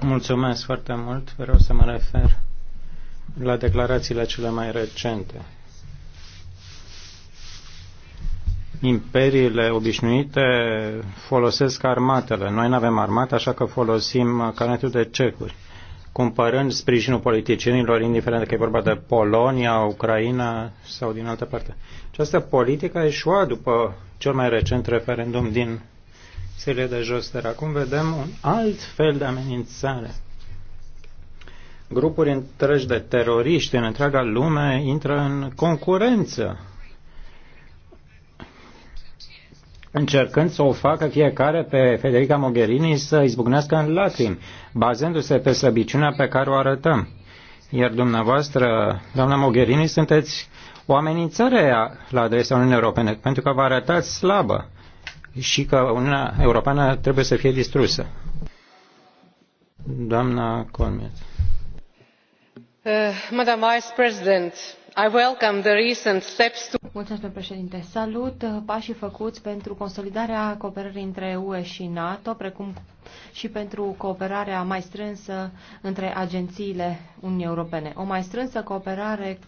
Mulțumesc foarte mult. Vreau să mă refer la declarațiile cele mai recente. Imperiile obișnuite folosesc armatele. Noi nu avem armată, așa că folosim canetul de cecuri comparând sprijinul politicienilor, indiferent că e vorba de Polonia, Ucraina sau din altă parte. Această politică a ieșuat după cel mai recent referendum din țările de jos, dar acum vedem un alt fel de amenințare. Grupuri întregi de teroriști în întreaga lume intră în concurență încercând să o facă fiecare pe Federica Mogherini să izbucnească în lacrimi, bazându-se pe slăbiciunea pe care o arătăm. Iar dumneavoastră, doamna Mogherini, sunteți o amenințare la adresa Uniunii Europene, pentru că vă arătați slabă și că Uniunea Europeană trebuie să fie distrusă. Doamna Colmiet. Uh, Madam Vice President, domnule președinte salut uh, pașii făcuți pentru consolidarea cooperării între ue și nato precum și pentru cooperarea mai strânsă între agențiile uniunii europene. o mai strânsă cooperare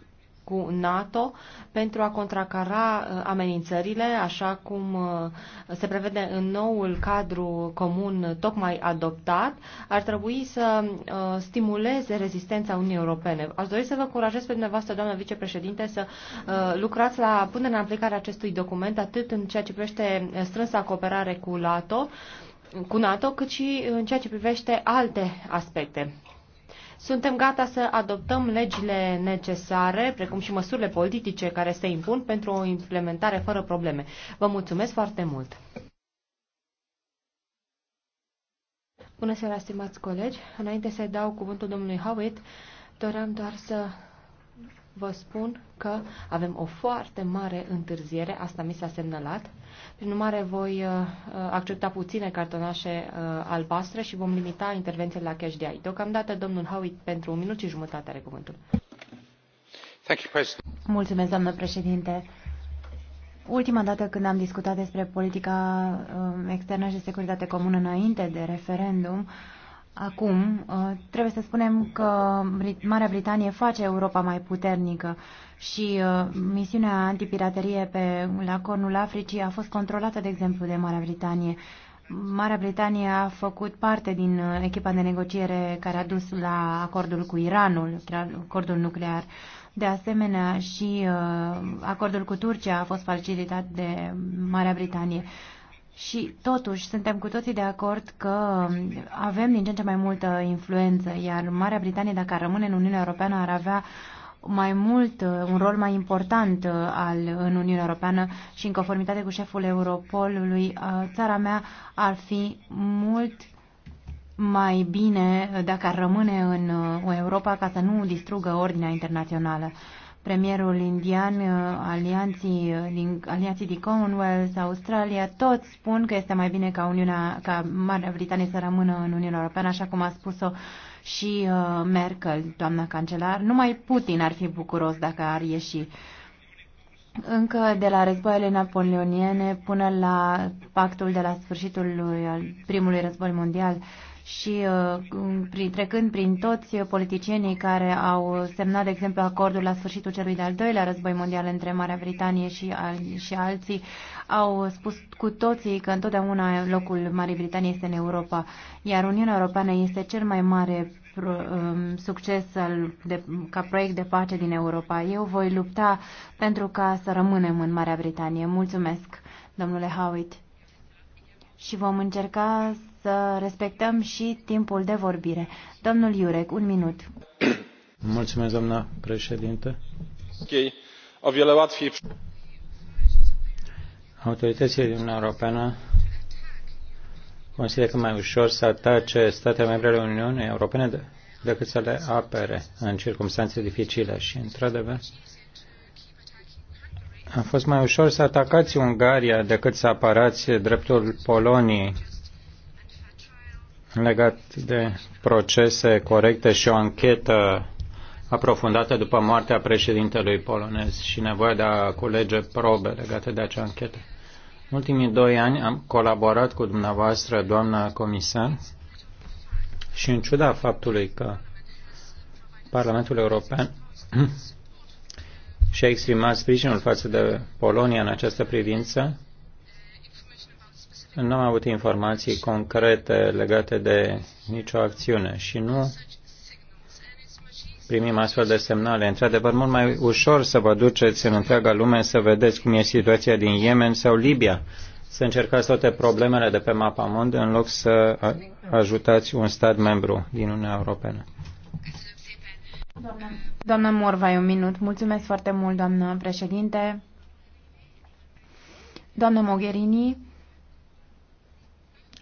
cu NATO pentru a contracara uh, amenințările, așa cum uh, se prevede în noul cadru comun tocmai adoptat, ar trebui să uh, stimuleze rezistența Uniunii Europene. Aș dori să vă încurajez pe dumneavoastră, doamnă vicepreședinte, să lucrați la punerea în aplicare acestui document, atât în ceea ce privește strânsa cooperare cu NATO, cu NATO, cât și în ceea ce privește alte aspecte. Suntem gata să adoptăm legile necesare, precum și măsurile politice care se impun pentru o implementare fără probleme. Vă mulțumesc foarte mult! Bună seara, stimați colegi! Înainte să dau cuvântul domnului Howitt, doream doar să vă spun că avem o foarte mare întârziere, asta mi s-a semnalat. Prin urmare, voi uh, uh, accepta puține cartonașe uh, albastre și vom limita intervențiile la cash de aici. Deocamdată, domnul Howitt, pentru un minut și jumătate are cuvântul. Mulțumesc, doamnă președinte. Ultima dată când am discutat despre politica um, externă și securitate comună înainte de referendum, uh, Acum, uh, trebuie să spunem că Marea Britanie face Europa mai puternică și uh, misiunea antipiraterie pe, la Cornul Africii a fost controlată, de exemplu, de Marea Britanie. Marea Britanie a făcut parte din uh, echipa de negociere care a dus la acordul cu Iranul, acordul nuclear. De asemenea, și acordul cu Turcia a fost facilitat de Marea Britanie. Și totuși suntem cu toții de acord că avem din ce în ce mai multă influență, iar Marea Britanie, dacă ar rămâne în Uniunea Europeană, ar avea mai mult, un rol mai important uh, al, în Uniunea Europeană și în conformitate cu șeful Europolului, uh, țara mea ar fi mult mai bine uh, dacă ar rămâne în Europa ca să nu distrugă ordinea internațională premierul indian, uh, alianții uh, din, aliații din Commonwealth, Australia, toți spun că este mai bine ca, Uniunea, ca Marea Britanie să rămână în Uniunea Europeană, așa cum a spus-o și uh, Merkel, doamna cancelar. Numai Putin ar fi bucuros dacă ar ieși. Încă de la războaiele napoleoniene până la pactul de la sfârșitul lui, al primului război mondial, uh, și uh, trecând prin toți politicienii care au semnat, de exemplu, acordul la sfârșitul celui de-al doilea război mondial între Marea Britanie și, al, și alții, au spus cu toții că întotdeauna locul Marii Britanie este în Europa, iar Uniunea Europeană este cel mai mare um, succes al, de, ca proiect de pace din Europa. Eu voi lupta pentru ca să rămânem în Marea Britanie. Mulțumesc, domnule Howitt și vom încerca să respectăm și timpul de vorbire. Domnul Iurec, un minut. Mulțumesc, doamna președinte. Ok. O violat fi. Autoritățile din Uniunea Europeană consideră că mai ușor să atace statele membre ale Uniunii Europene decât să le apere în circunstanțe dificile. Și, într-adevăr, a fost mai ușor să atacați Ungaria decât să apărați dreptul Poloniei legat de procese corecte și o anchetă aprofundată după moartea președintelui polonez și nevoia de a culege probe legate de acea anchetă. În ultimii doi ani am colaborat cu dumneavoastră, doamna comisar, și în ciuda faptului că Parlamentul European și-a exprimat sprijinul față de Polonia în această privință, nu am avut informații concrete legate de nicio acțiune și nu primim astfel de semnale. Într-adevăr, mult mai ușor să vă duceți în întreaga lume să vedeți cum e situația din Yemen sau Libia, să încercați toate problemele de pe mond în loc să ajutați un stat membru din Uniunea Europeană. Doamna, doamna Morvai, un minut. Mulțumesc foarte mult, doamnă președinte. Doamna Mogherini,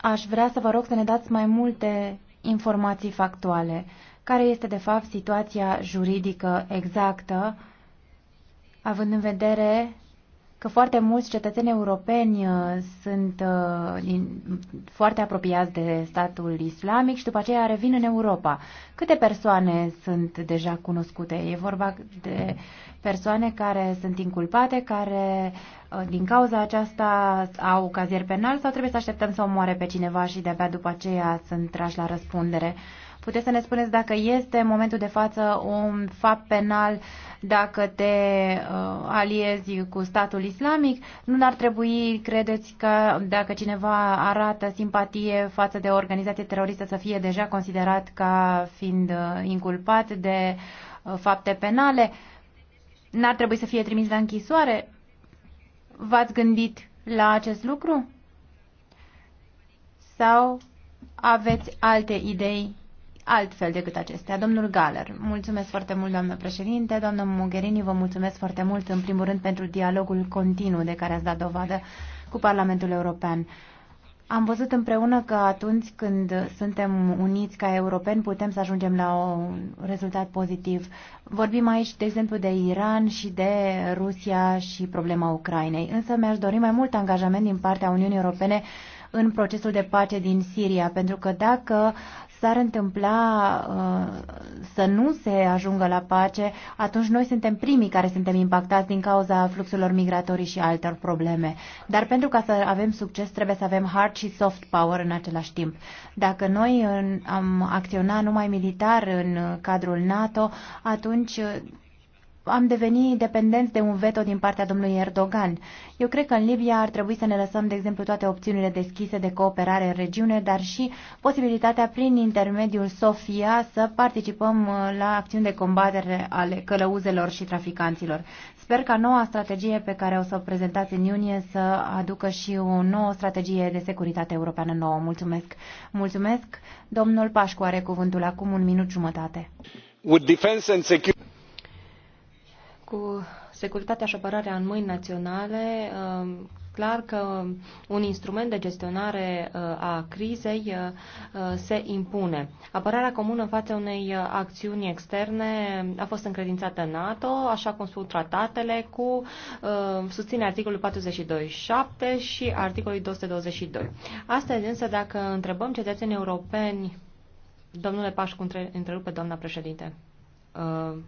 Aș vrea să vă rog să ne dați mai multe informații factuale. Care este, de fapt, situația juridică exactă, având în vedere că foarte mulți cetățeni europeni uh, sunt uh, foarte apropiați de statul islamic și după aceea revin în Europa. Câte persoane sunt deja cunoscute? E vorba de persoane care sunt inculpate, care uh, din cauza aceasta au cazier penal sau trebuie să așteptăm să omoare pe cineva și de-abia după aceea sunt trași la răspundere? Uh, Puteți să ne spuneți dacă este în momentul de față un fapt penal dacă te uh, aliezi cu statul islamic? Nu ar trebui, credeți, că dacă cineva arată simpatie față de o organizație teroristă să fie deja considerat ca fiind uh, inculpat de uh, fapte penale? N-ar trebui să fie trimis la închisoare? V-ați gândit la acest lucru? Sau aveți alte idei altfel decât acestea. Domnul Galer, mulțumesc foarte mult, doamnă președinte, doamnă Mogherini, vă mulțumesc foarte mult, în primul rând, pentru dialogul continuu de care ați dat dovadă cu Parlamentul European. Am văzut împreună că atunci când suntem uniți ca europeni putem să ajungem la un rezultat pozitiv. Vorbim aici, de exemplu, de Iran și de Rusia și problema Ucrainei, însă mi-aș dori mai mult angajament din partea Uniunii Europene în procesul de pace din Siria, pentru că dacă s-ar întâmpla uh, să nu se ajungă la pace, atunci noi suntem primii care suntem impactați din cauza fluxurilor migratorii și altor probleme. Dar pentru ca să avem succes, trebuie să avem hard și soft power în același timp. Dacă noi în, uh, am acționat numai militar în uh, cadrul NATO, atunci uh, am devenit dependenți de un veto din partea domnului Erdogan. Eu cred că în Libia ar trebui să ne lăsăm, de exemplu, toate opțiunile deschise de cooperare în regiune, dar și posibilitatea prin intermediul Sofia să participăm uh, la acțiuni de combatere ale călăuzelor și traficanților. Sper ca noua strategie pe care o să o prezentați în iunie să aducă și o nouă strategie de securitate europeană nouă. Mulțumesc! Mulțumesc! Domnul Pașcu are cuvântul acum un minut jumătate. With defense and security cu securitatea și apărarea în mâini naționale, um, clar că un instrument de gestionare uh, a crizei uh, uh, se impune. Apărarea comună în fața unei acțiuni externe a fost încredințată NATO, așa cum sunt tratatele, cu susține articolul 42.7 și articolul 222. Astăzi însă, dacă întrebăm cetățenii europeni, domnule Pașcu, întrerupe doamna președinte,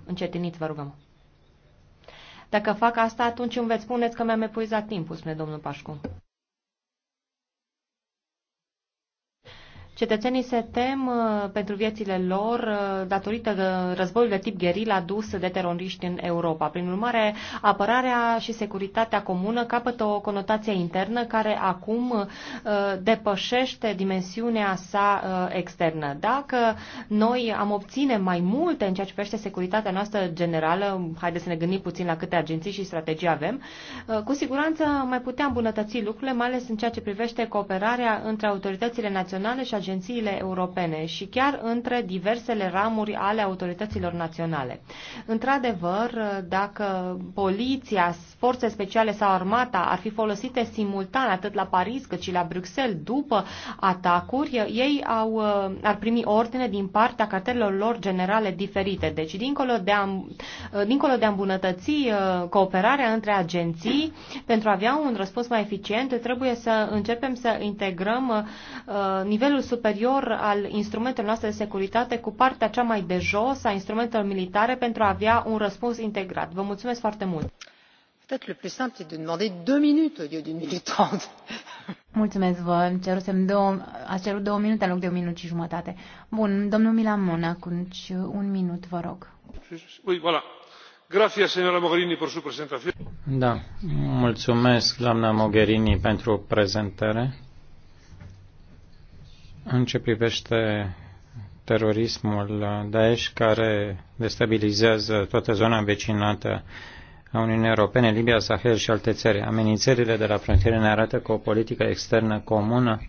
încetiniți, vă rugăm. Dacă fac asta, atunci îmi veți spuneți că mi-am epuizat timpul, spune domnul Pașcu. Cetățenii se tem uh, pentru viețile lor uh, datorită uh, războiului de tip gherila dus de teroriști în Europa. Prin urmare, apărarea și securitatea comună capătă o conotație internă care acum depășește dimensiunea sa externă. Dacă noi am obține mai multe în ceea ce privește securitatea noastră generală, haideți să ne gândim puțin la câte agenții și strategii avem, cu siguranță mai puteam îmbunătăți lucrurile, mai ales în ceea ce privește cooperarea între autoritățile naționale și agenții agențiile europene și chiar între diversele ramuri ale autorităților naționale. Într-adevăr, dacă poliția, forțe speciale sau armata ar fi folosite simultan atât la Paris cât și la Bruxelles după atacuri, ei au, ar primi ordine din partea cartelelor lor generale diferite. Deci, dincolo de a, dincolo de a îmbunătăți uh, cooperarea între agenții, pentru a avea un răspuns mai eficient, trebuie să începem să integrăm uh, nivelul superior al instrumentelor noastre de securitate cu partea cea mai de jos a instrumentelor militare pentru a avea un răspuns integrat. Vă mulțumesc foarte mult! Mulțumesc, vă cerusem două, ați cerut două minute în loc de un minut și jumătate. Bun, domnul Milan Mon, atunci un minut, vă rog. Oui, voilà. Gracias, señora Mogherini, por su presentación. Da, mulțumesc, doamna Mogherini, pentru prezentare. În ce privește terorismul Daesh care destabilizează toată zona învecinată a Uniunii Europene, Libia, Sahel și alte țări. Amenințările de la frontiere ne arată că o politică externă comună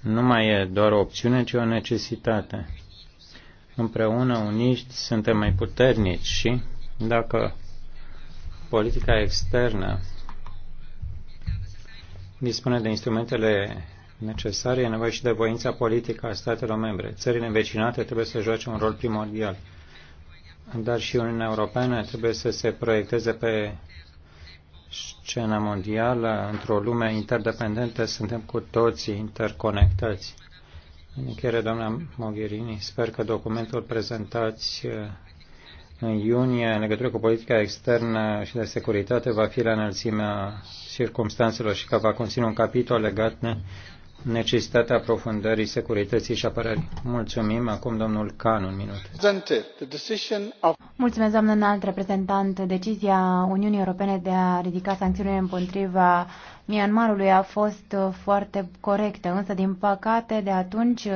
nu mai e doar o opțiune, ci o necesitate. Împreună, Uniști suntem mai puternici și dacă politica externă dispune de instrumentele necesare, e nevoie și de voința politică a statelor membre. Țările învecinate trebuie să joace un rol primordial, dar și Uniunea Europeană trebuie să se proiecteze pe scena mondială, într-o lume interdependentă, suntem cu toții interconectați. În încheiere, doamna Mogherini, sper că documentul prezentat uh, în iunie în legătură cu politica externă și de securitate va fi la înălțimea circumstanțelor și că va conține un capitol legat necesitatea aprofundării securității și apărării. Mulțumim. Acum domnul Can, un minut. Mulțumesc, doamnă înalt reprezentant. Decizia Uniunii Europene de a ridica sancțiunile împotriva Myanmarului a fost uh, foarte corectă, însă din păcate de atunci uh,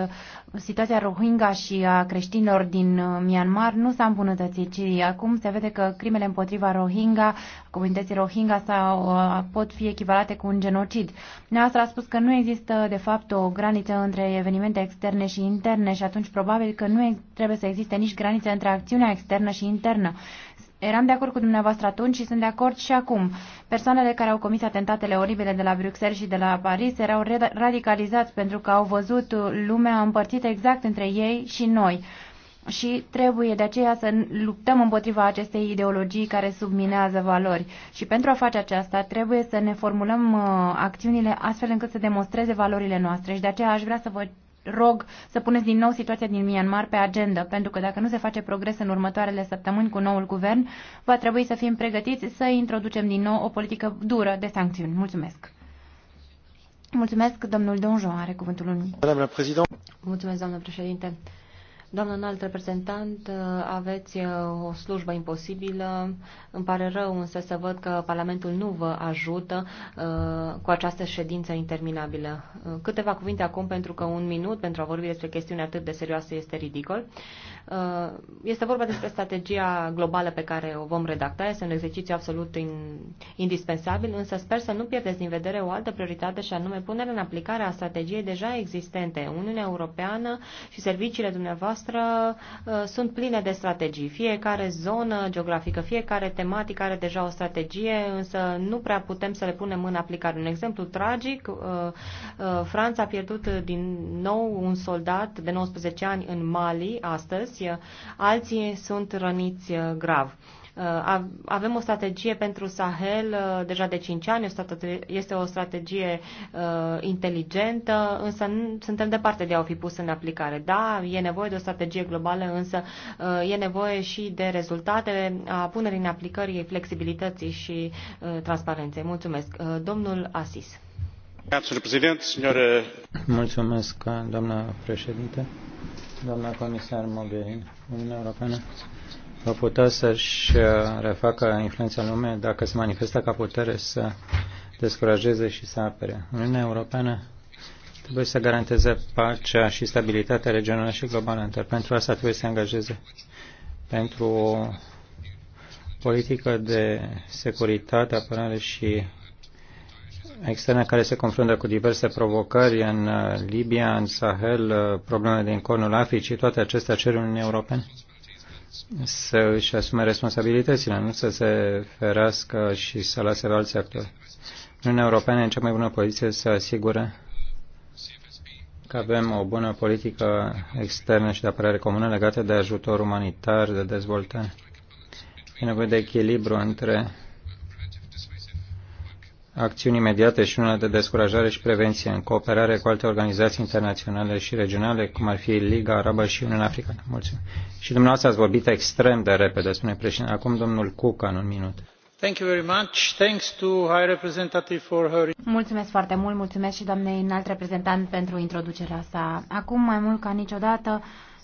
situația Rohingya și a creștinilor din uh, Myanmar nu s-a îmbunătățit, ci acum se vede că crimele împotriva Rohingya, comunității Rohingya sau pot fi echivalate cu un genocid. Neastră a spus că nu există de fapt o graniță între evenimente externe și interne și atunci probabil că nu trebuie să existe nici graniță între acțiunea externă și internă. Eram de acord cu dumneavoastră atunci și sunt de acord și acum. Persoanele care au comis atentatele oribile de la Bruxelles și de la Paris erau radicalizați pentru că au văzut lumea împărțită exact între ei și noi. Și trebuie de aceea să luptăm împotriva acestei ideologii care subminează valori. Și pentru a face aceasta trebuie să ne formulăm uh, acțiunile astfel încât să demonstreze valorile noastre. Și de aceea aș vrea să vă rog să puneți din nou situația din Myanmar pe agenda, pentru că dacă nu se face progres în următoarele săptămâni cu noul guvern, va trebui să fim pregătiți să introducem din nou o politică dură de sancțiuni. Mulțumesc! Mulțumesc, domnul Donjon are cuvântul unui. Mulțumesc, doamnă președinte. Doamnă înalt reprezentant, aveți uh, o slujbă imposibilă. Îmi pare rău însă să văd că Parlamentul nu vă ajută uh, cu această ședință interminabilă. Uh, câteva cuvinte acum pentru că un minut pentru a vorbi despre chestiuni atât de serioase este ridicol. Uh, este vorba despre strategia globală pe care o vom redacta. Este un exercițiu absolut in, indispensabil, însă sper să nu pierdeți din vedere o altă prioritate și anume punerea în aplicare a strategiei deja existente. Uniunea Europeană și serviciile dumneavoastră uh, sunt pline de strategii. Fiecare zonă geografică, fiecare tematică are deja o strategie, însă nu prea putem să le punem în aplicare. Un exemplu tragic, uh, Franța a pierdut din nou un soldat de 19 ani în Mali astăzi morți, alții sunt răniți uh, grav. Uh, avem o strategie pentru Sahel uh, deja de 5 ani, este o strategie inteligentă, însă suntem departe de a o fi pus în aplicare. Da, e nevoie de o strategie globală, însă e nevoie și de rezultate a punerii în aplicări flexibilității și transparenței. Mulțumesc. Domnul Asis. Mulțumesc, doamnă președinte doamna comisar Mogherini, Uniunea Europeană va putea să-și uh, refacă influența în lume dacă se manifestă ca putere să descurajeze și să apere. Uniunea Europeană trebuie să garanteze pacea și stabilitatea regională și globală, dar pentru asta trebuie să se angajeze pentru o politică de securitate, apărare și externe care se confruntă cu diverse provocări în uh, Libia, în Sahel, uh, probleme din Cornul Africii, toate acestea cer un european să își asume responsabilitățile, nu să se ferească și să lase la alți actori. Uniunea Europeană e în cea mai bună poziție să asigure că avem o bună politică externă și de apărare comună legată de ajutor umanitar, de dezvoltare. E nevoie de echilibru între acțiuni imediate și una de descurajare și prevenție în cooperare cu alte organizații internaționale și regionale, cum ar fi Liga Arabă și Uniunea Africană. Mulțumesc. Și dumneavoastră ați vorbit extrem de repede, spune președinte. Acum domnul Cuca în un minut. Thank you very much. Thanks to High Representative for her... Mulțumesc foarte mult, mulțumesc și doamnei înalt reprezentant pentru introducerea sa. Acum, mai mult ca niciodată,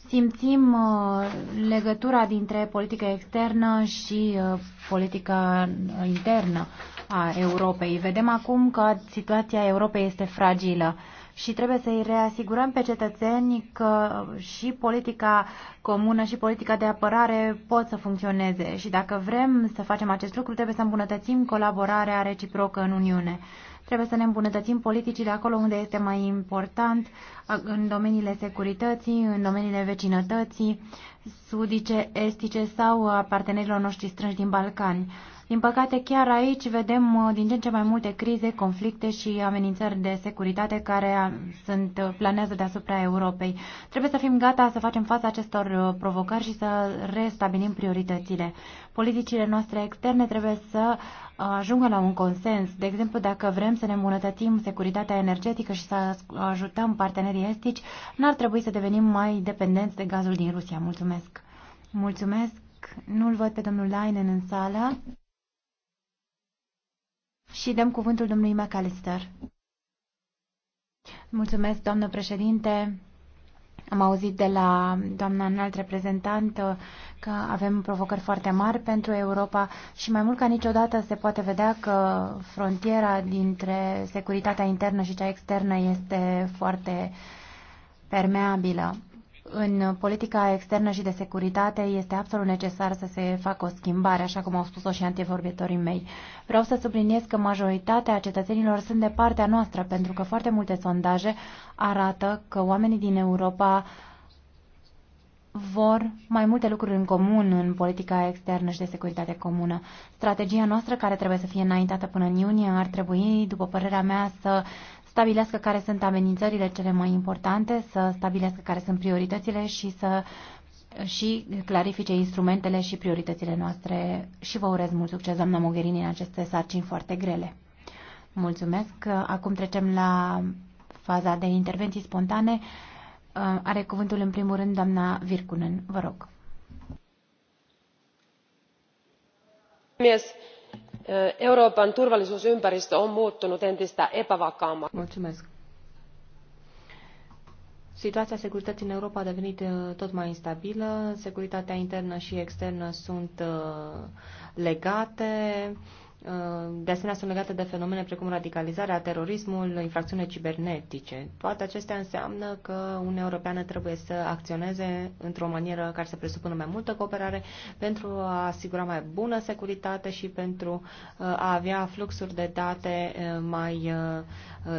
simțim uh, legătura dintre politica externă și uh, politica internă a Europei. Vedem acum că situația Europei este fragilă și trebuie să-i reasigurăm pe cetățeni că și politica comună și politica de apărare pot să funcționeze și dacă vrem să facem acest lucru trebuie să îmbunătățim colaborarea reciprocă în Uniune. Trebuie să ne îmbunătățim politicile acolo unde este mai important, în domeniile securității, în domeniile vecinătății, sudice, estice sau a partenerilor noștri strânși din Balcani. Din păcate, chiar aici vedem uh, din ce în ce mai multe crize, conflicte și amenințări de securitate care uh, sunt, uh, planează deasupra Europei. Trebuie să fim gata să facem față acestor provocări și să restabilim prioritățile. Politicile noastre externe trebuie să ajungă la un consens. De exemplu, dacă vrem să ne îmbunătățim securitatea energetică și să ajutăm partenerii estici, n-ar trebui să devenim mai dependenți de gazul din Rusia. Mulțumesc! Mulțumesc! Nu-l văd pe domnul Lainen în sală. Și dăm cuvântul domnului McAllister. Mulțumesc, doamnă președinte. Am auzit de la doamna înalt reprezentant că avem provocări foarte mari pentru Europa și mai mult ca niciodată se poate vedea că frontiera dintre securitatea internă și cea externă este foarte permeabilă în politica externă și de securitate este absolut necesar să se facă o schimbare, așa cum au spus-o și antevorbitorii mei. Vreau să subliniez că majoritatea cetățenilor sunt de partea noastră, pentru că foarte multe sondaje arată că oamenii din Europa vor mai multe lucruri în comun în politica externă și de securitate comună. Strategia noastră, care trebuie să fie înaintată până în iunie, ar trebui, după părerea mea, să stabilească care sunt amenințările cele mai importante, să stabilească care sunt prioritățile și să și clarifice instrumentele și prioritățile noastre și vă urez mult succes, doamna Mogherini, în aceste sarcini foarte grele. Mulțumesc. Acum trecem la faza de intervenții spontane. Are cuvântul în primul rând doamna Vircunen. Vă rog. Mulțumesc euroopan turvallisuusympäristö on muuttunut entistä epävakaammaksi. Situația securității în Europa a devenit tot mai instabilă, securitatea internă și externă sunt legate, Uh, de asemenea sunt legate de fenomene precum radicalizarea, terorismul, infracțiunile cibernetice. Toate acestea înseamnă că Uniunea Europeană trebuie să acționeze într-o manieră care să presupună mai multă cooperare pentru a asigura mai bună securitate și pentru uh, a avea fluxuri de date uh, mai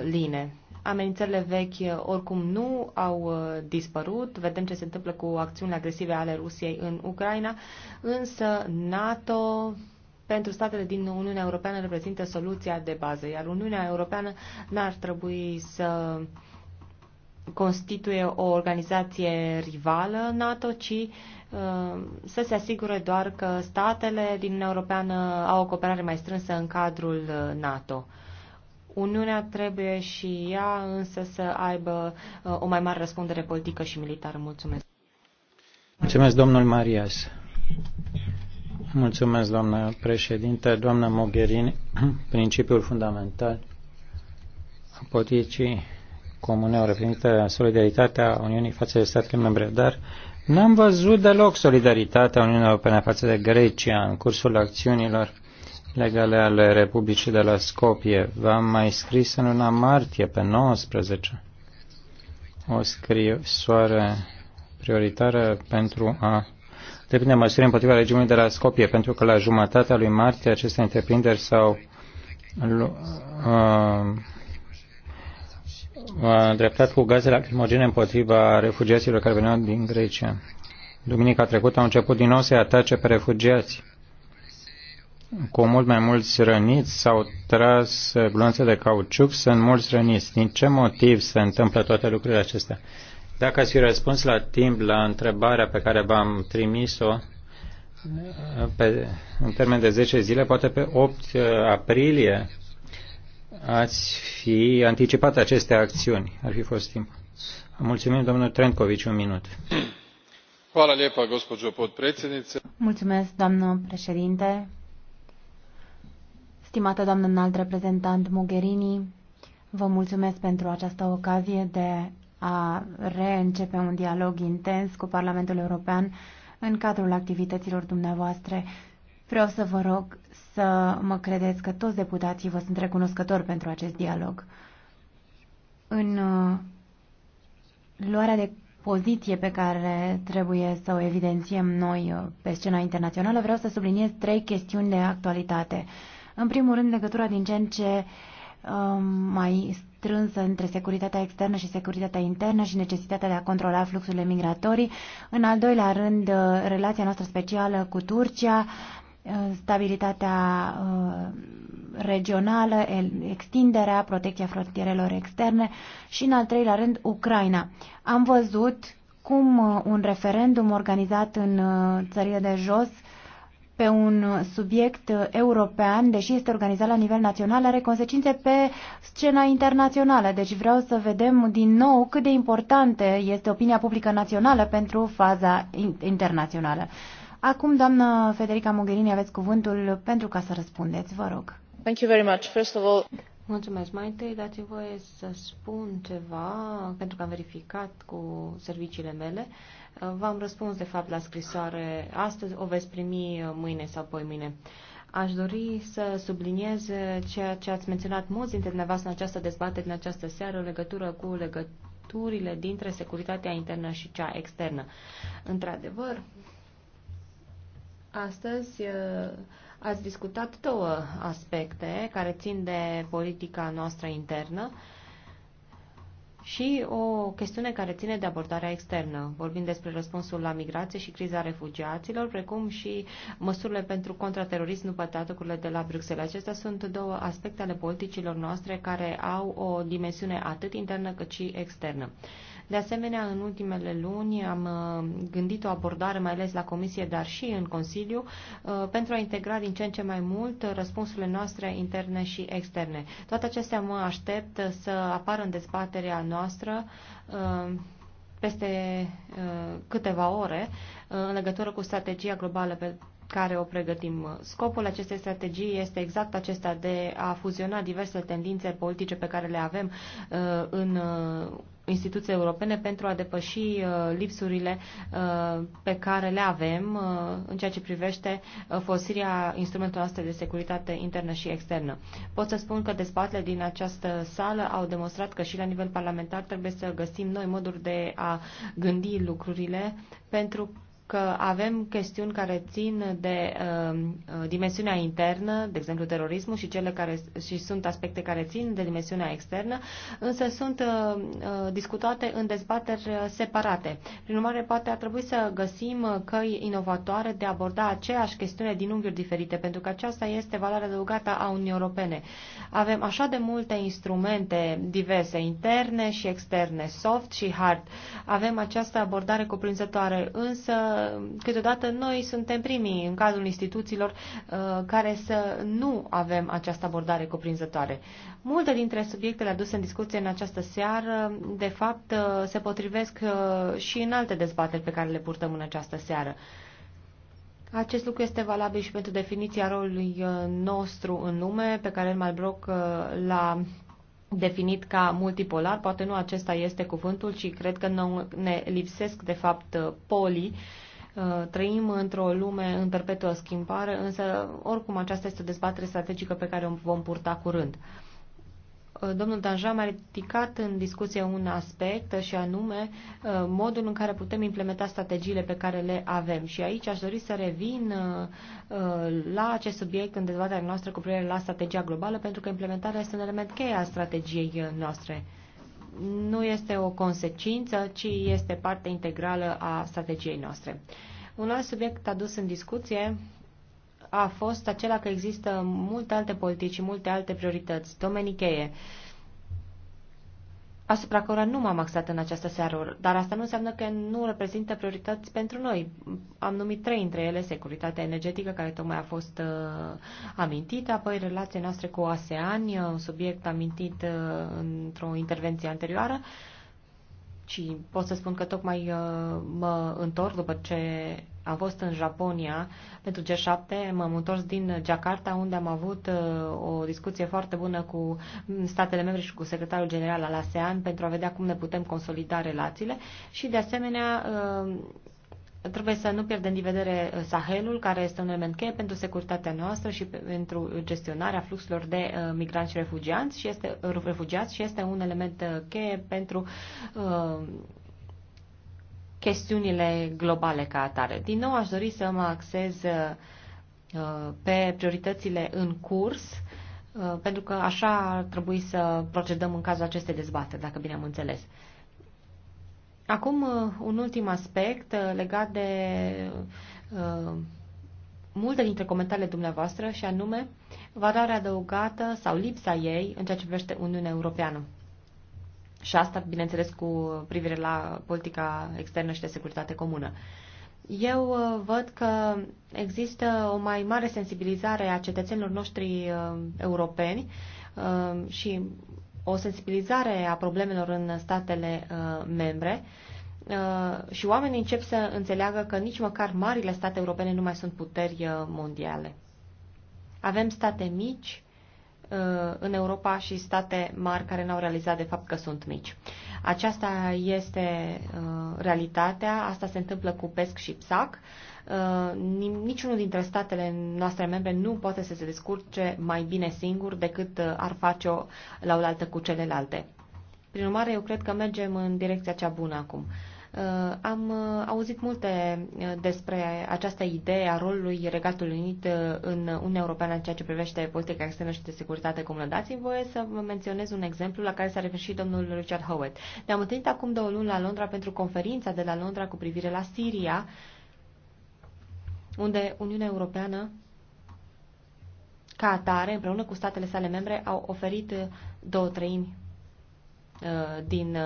line. Amenințările vechi oricum nu au dispărut, vedem ce se întâmplă cu acțiunile agresive ale Rusiei în Ucraina, însă NATO pentru statele din Uniunea Europeană reprezintă soluția de bază, iar Uniunea Europeană n-ar trebui să constituie o organizație rivală NATO, ci uh, să se asigure doar că statele din Uniunea Europeană au o cooperare mai strânsă în cadrul uh, NATO. Uniunea trebuie și ea însă să aibă uh, o mai mare răspundere politică și militară. Mulțumesc. Mulțumesc, domnul Marias. Mulțumesc, doamnă președinte. Doamnă Mogherini, principiul fundamental a politicii comune o reprezintă solidaritatea Uniunii față de statele membre, dar n-am văzut deloc solidaritatea Uniunii Europene față de Grecia în cursul acțiunilor legale ale Republicii de la Scopie. V-am mai scris în luna martie, pe 19, o scrisoare prioritară pentru a de prinde măsuri împotriva regimului de la Scopie, pentru că la jumătatea lui martie aceste întreprinderi s-au uh, uh, îndreptat cu gaze lacrimogene împotriva refugiaților care veneau din Grecia. Duminica trecută au început din nou să atace pe refugiați. Cu mult mai mulți răniți s-au tras glonțe de cauciuc, sunt mulți răniți. Din ce motiv se întâmplă toate lucrurile acestea? Dacă ați fi răspuns la timp la întrebarea pe care v-am trimis-o, pe, în termen de 10 zile, poate pe 8 uh, aprilie, ați fi anticipat aceste acțiuni. Ar fi fost timp. Mulțumim, domnul Trencovici, un minut. Mulțumesc, doamnă președinte. Stimată doamnă înalt reprezentant Mogherini, vă mulțumesc pentru această ocazie de a reîncepe un dialog intens cu Parlamentul European în cadrul activităților dumneavoastră. Vreau să vă rog să mă credeți că toți deputații vă sunt recunoscători pentru acest dialog. În uh, luarea de poziție pe care trebuie să o evidențiem noi uh, pe scena internațională, vreau să subliniez trei chestiuni de actualitate. În primul rând, legătura din ce în ce uh, Uh, mai strânsă între securitatea externă și securitatea internă și necesitatea de a controla fluxurile migratorii. În al doilea rând, uh, relația noastră specială cu Turcia, uh, stabilitatea regională, extinderea, protecția frontierelor externe și, în al treilea rând, Ucraina. Am văzut cum un referendum organizat în țările de jos pe un subiect uh, european, deși este organizat la nivel național, are consecințe pe scena internațională. Deci vreau să vedem din nou cât de importantă este opinia publică națională pentru faza internațională. Acum, doamnă Federica Mogherini, aveți cuvântul pentru ca să răspundeți. Vă rog. Thank you very much. First of all... Mulțumesc. Mai întâi dați voie să spun ceva, pentru că am verificat cu serviciile mele. Uh, V-am răspuns, de fapt, la scrisoare astăzi, o veți primi uh, mâine sau poi mâine. Aș dori să subliniez uh, ceea ce ați menționat mulți dintre dumneavoastră în această dezbatere, în această seară, în legătură cu legăturile dintre securitatea internă și cea externă. Într-adevăr, astăzi uh, ați discutat două aspecte care țin de politica noastră internă și o chestiune care ține de abordarea externă. Vorbim despre răspunsul la migrație și criza refugiaților, precum și măsurile pentru contraterorism după atacurile de la Bruxelles. Acestea sunt două aspecte ale politicilor noastre care au o dimensiune atât internă cât și externă. De asemenea, în ultimele luni am uh, gândit o abordare, mai ales la Comisie, dar și în Consiliu, uh, pentru a integra din ce în ce mai mult răspunsurile noastre interne și externe. Toate acestea mă aștept să apară în dezbaterea noastră uh, peste câteva ore în legătură cu strategia globală pe care o pregătim. Scopul acestei strategii este exact acesta de a fuziona diversele tendințe politice pe care le avem în instituții europene pentru a depăși uh, lipsurile uh, pe care le avem uh, în ceea ce privește folosirea instrumentelor noastre de securitate internă și externă. Pot să spun că dezbatele din această sală au demonstrat că și la nivel parlamentar trebuie să găsim noi moduri de a gândi lucrurile pentru că avem chestiuni care țin de um, uh, dimensiunea internă, de exemplu terorismul, și cele care și sunt aspecte care țin de dimensiunea externă, însă sunt uh, uh discutate în dezbateri uh, separate. Prin urmare, poate ar trebui să găsim uh, căi inovatoare de a aborda aceeași chestiune din unghiuri diferite, pentru că aceasta este valoarea adăugată a Uniunii Europene. Avem așa de multe instrumente diverse, interne și externe, soft și hard. Avem această abordare cuprinzătoare, însă Uh, câteodată noi suntem primii în cadrul instituțiilor uh, care să nu avem această abordare cuprinzătoare. Multe dintre subiectele aduse în discuție în această seară, de fapt, uh, se potrivesc și în alte dezbateri pe care le purtăm în această seară. Acest lucru este valabil și pentru definiția rolului nostru în lume, pe care Malbrock l-a definit ca multipolar. Poate nu acesta este cuvântul, ci cred că ne lipsesc, de fapt, polii Uh, trăim într-o lume în perpetuă schimbare, însă oricum aceasta este o dezbatere strategică pe care o vom purta curând. Uh, domnul Danja a ridicat în discuție un aspect și anume uh, modul în care putem implementa strategiile pe care le avem. Și aici aș dori să revin la acest subiect în dezbaterea noastră cu privire la strategia globală, pentru că implementarea este un element cheie a strategiei noastre nu este o consecință, ci este parte integrală a strategiei noastre. Un alt subiect adus în discuție a fost acela că există multe alte politici și multe alte priorități, domenii cheie. Uh, asupra cărora nu m-am axat în această seară, dar asta nu înseamnă că nu reprezintă priorități pentru noi. Am numit trei între ele, securitatea energetică, care tocmai a fost uh, amintită, apoi relația noastră cu ASEAN, un subiect amintit uh, într-o intervenție anterioară, și pot să spun că tocmai uh, mă întorc după ce am fost în Japonia pentru G7, m-am întors din Jakarta, unde am avut uh, o discuție foarte bună cu statele membre și cu secretarul general al ASEAN pentru a vedea cum ne putem consolida relațiile și, de asemenea, uh, Trebuie să nu pierdem din vedere uh, Sahelul, care este un element cheie pentru securitatea noastră și pentru gestionarea fluxurilor de uh, migranți și refugiați și este, refugiați și este un element cheie pentru uh, chestiunile globale ca atare. Din nou aș dori să mă axez uh, pe prioritățile în curs, uh, pentru că așa ar trebui să procedăm în cazul acestei dezbateri, dacă bine am înțeles. Acum, uh, un ultim aspect legat de multe dintre comentariile dumneavoastră și anume valoarea adăugată sau lipsa ei în ceea ce privește Uniunea Europeană. Și asta, bineînțeles, cu privire la politica externă și de securitate comună. Eu uh, văd că există o mai mare sensibilizare a cetățenilor noștri uh, europeni uh, și o sensibilizare a problemelor în statele membre și oamenii încep să înțeleagă că nici măcar marile state europene nu mai sunt puteri mondiale. Avem state mici Uh, în Europa și state mari care n-au realizat de fapt că sunt mici. Aceasta este uh, realitatea, asta se întâmplă cu PESC și PSAC. Uh, niciunul dintre statele noastre membre nu poate să se descurce mai bine singur decât ar face-o la oaltă cu celelalte. Prin urmare, eu cred că mergem în direcția cea bună acum. Uh, am uh, auzit multe uh, despre această idee a rolului Regatului Unit în Uniunea Europeană în ceea ce privește politica externă și de securitate comună. Dați-mi voie să vă menționez un exemplu la care s-a referit domnul Richard Howard. Ne-am întâlnit acum două luni la Londra pentru conferința de la Londra cu privire la Siria, unde Uniunea Europeană ca atare, împreună cu statele sale membre, au oferit două treimi din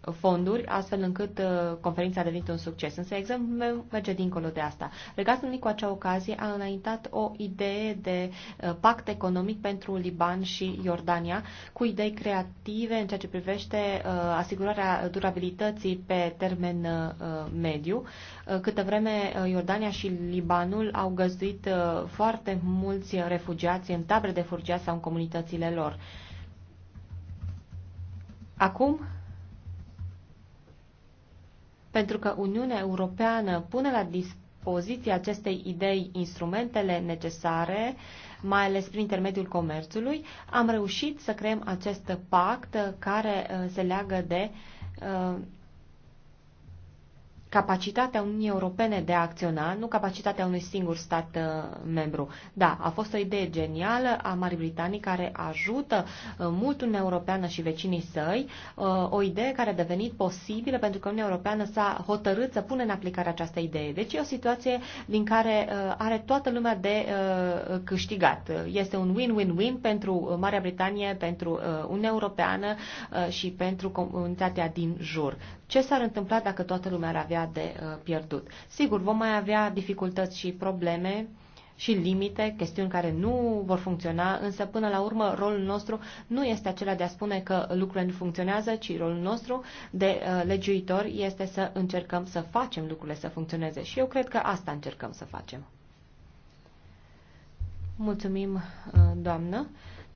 fonduri, astfel încât uh, conferința a devenit un succes. Însă exemplu merge dincolo de asta. Regatul Unit cu acea ocazie a înaintat o idee de uh, pact economic pentru Liban și Iordania, cu idei creative în ceea ce privește uh, asigurarea durabilității pe termen mediu. Câte vreme Iordania și Libanul au găzduit foarte mulți refugiați în tabere de refugiați sau în comunitățile lor. Acum, pentru că Uniunea Europeană pune la dispoziție acestei idei instrumentele necesare, mai ales prin intermediul comerțului, am reușit să creăm acest pact care uh, se leagă de uh, capacitatea Uniunii Europene de a acționa, nu capacitatea unui singur stat uh, membru. Da, a fost o idee genială a Marii Britanii care ajută uh, mult Uniunea Europeană și vecinii săi, uh, o idee care a devenit posibilă pentru că Uniunea Europeană s-a hotărât să pună în aplicare această idee. Deci e o situație din care are toată lumea de câștigat. Este un win-win-win pentru Marea Britanie, pentru Uniunea Europeană și pentru comunitatea din jur. Ce s-ar întâmpla dacă toată lumea ar avea de uh, pierdut? Sigur, vom mai avea dificultăți și probleme și limite, chestiuni care nu vor funcționa, însă până la urmă rolul nostru nu este acela de a spune că lucrurile nu funcționează, ci rolul nostru de uh, legiuitor este să încercăm să facem lucrurile să funcționeze și eu cred că asta încercăm să facem. Mulțumim, uh, doamnă.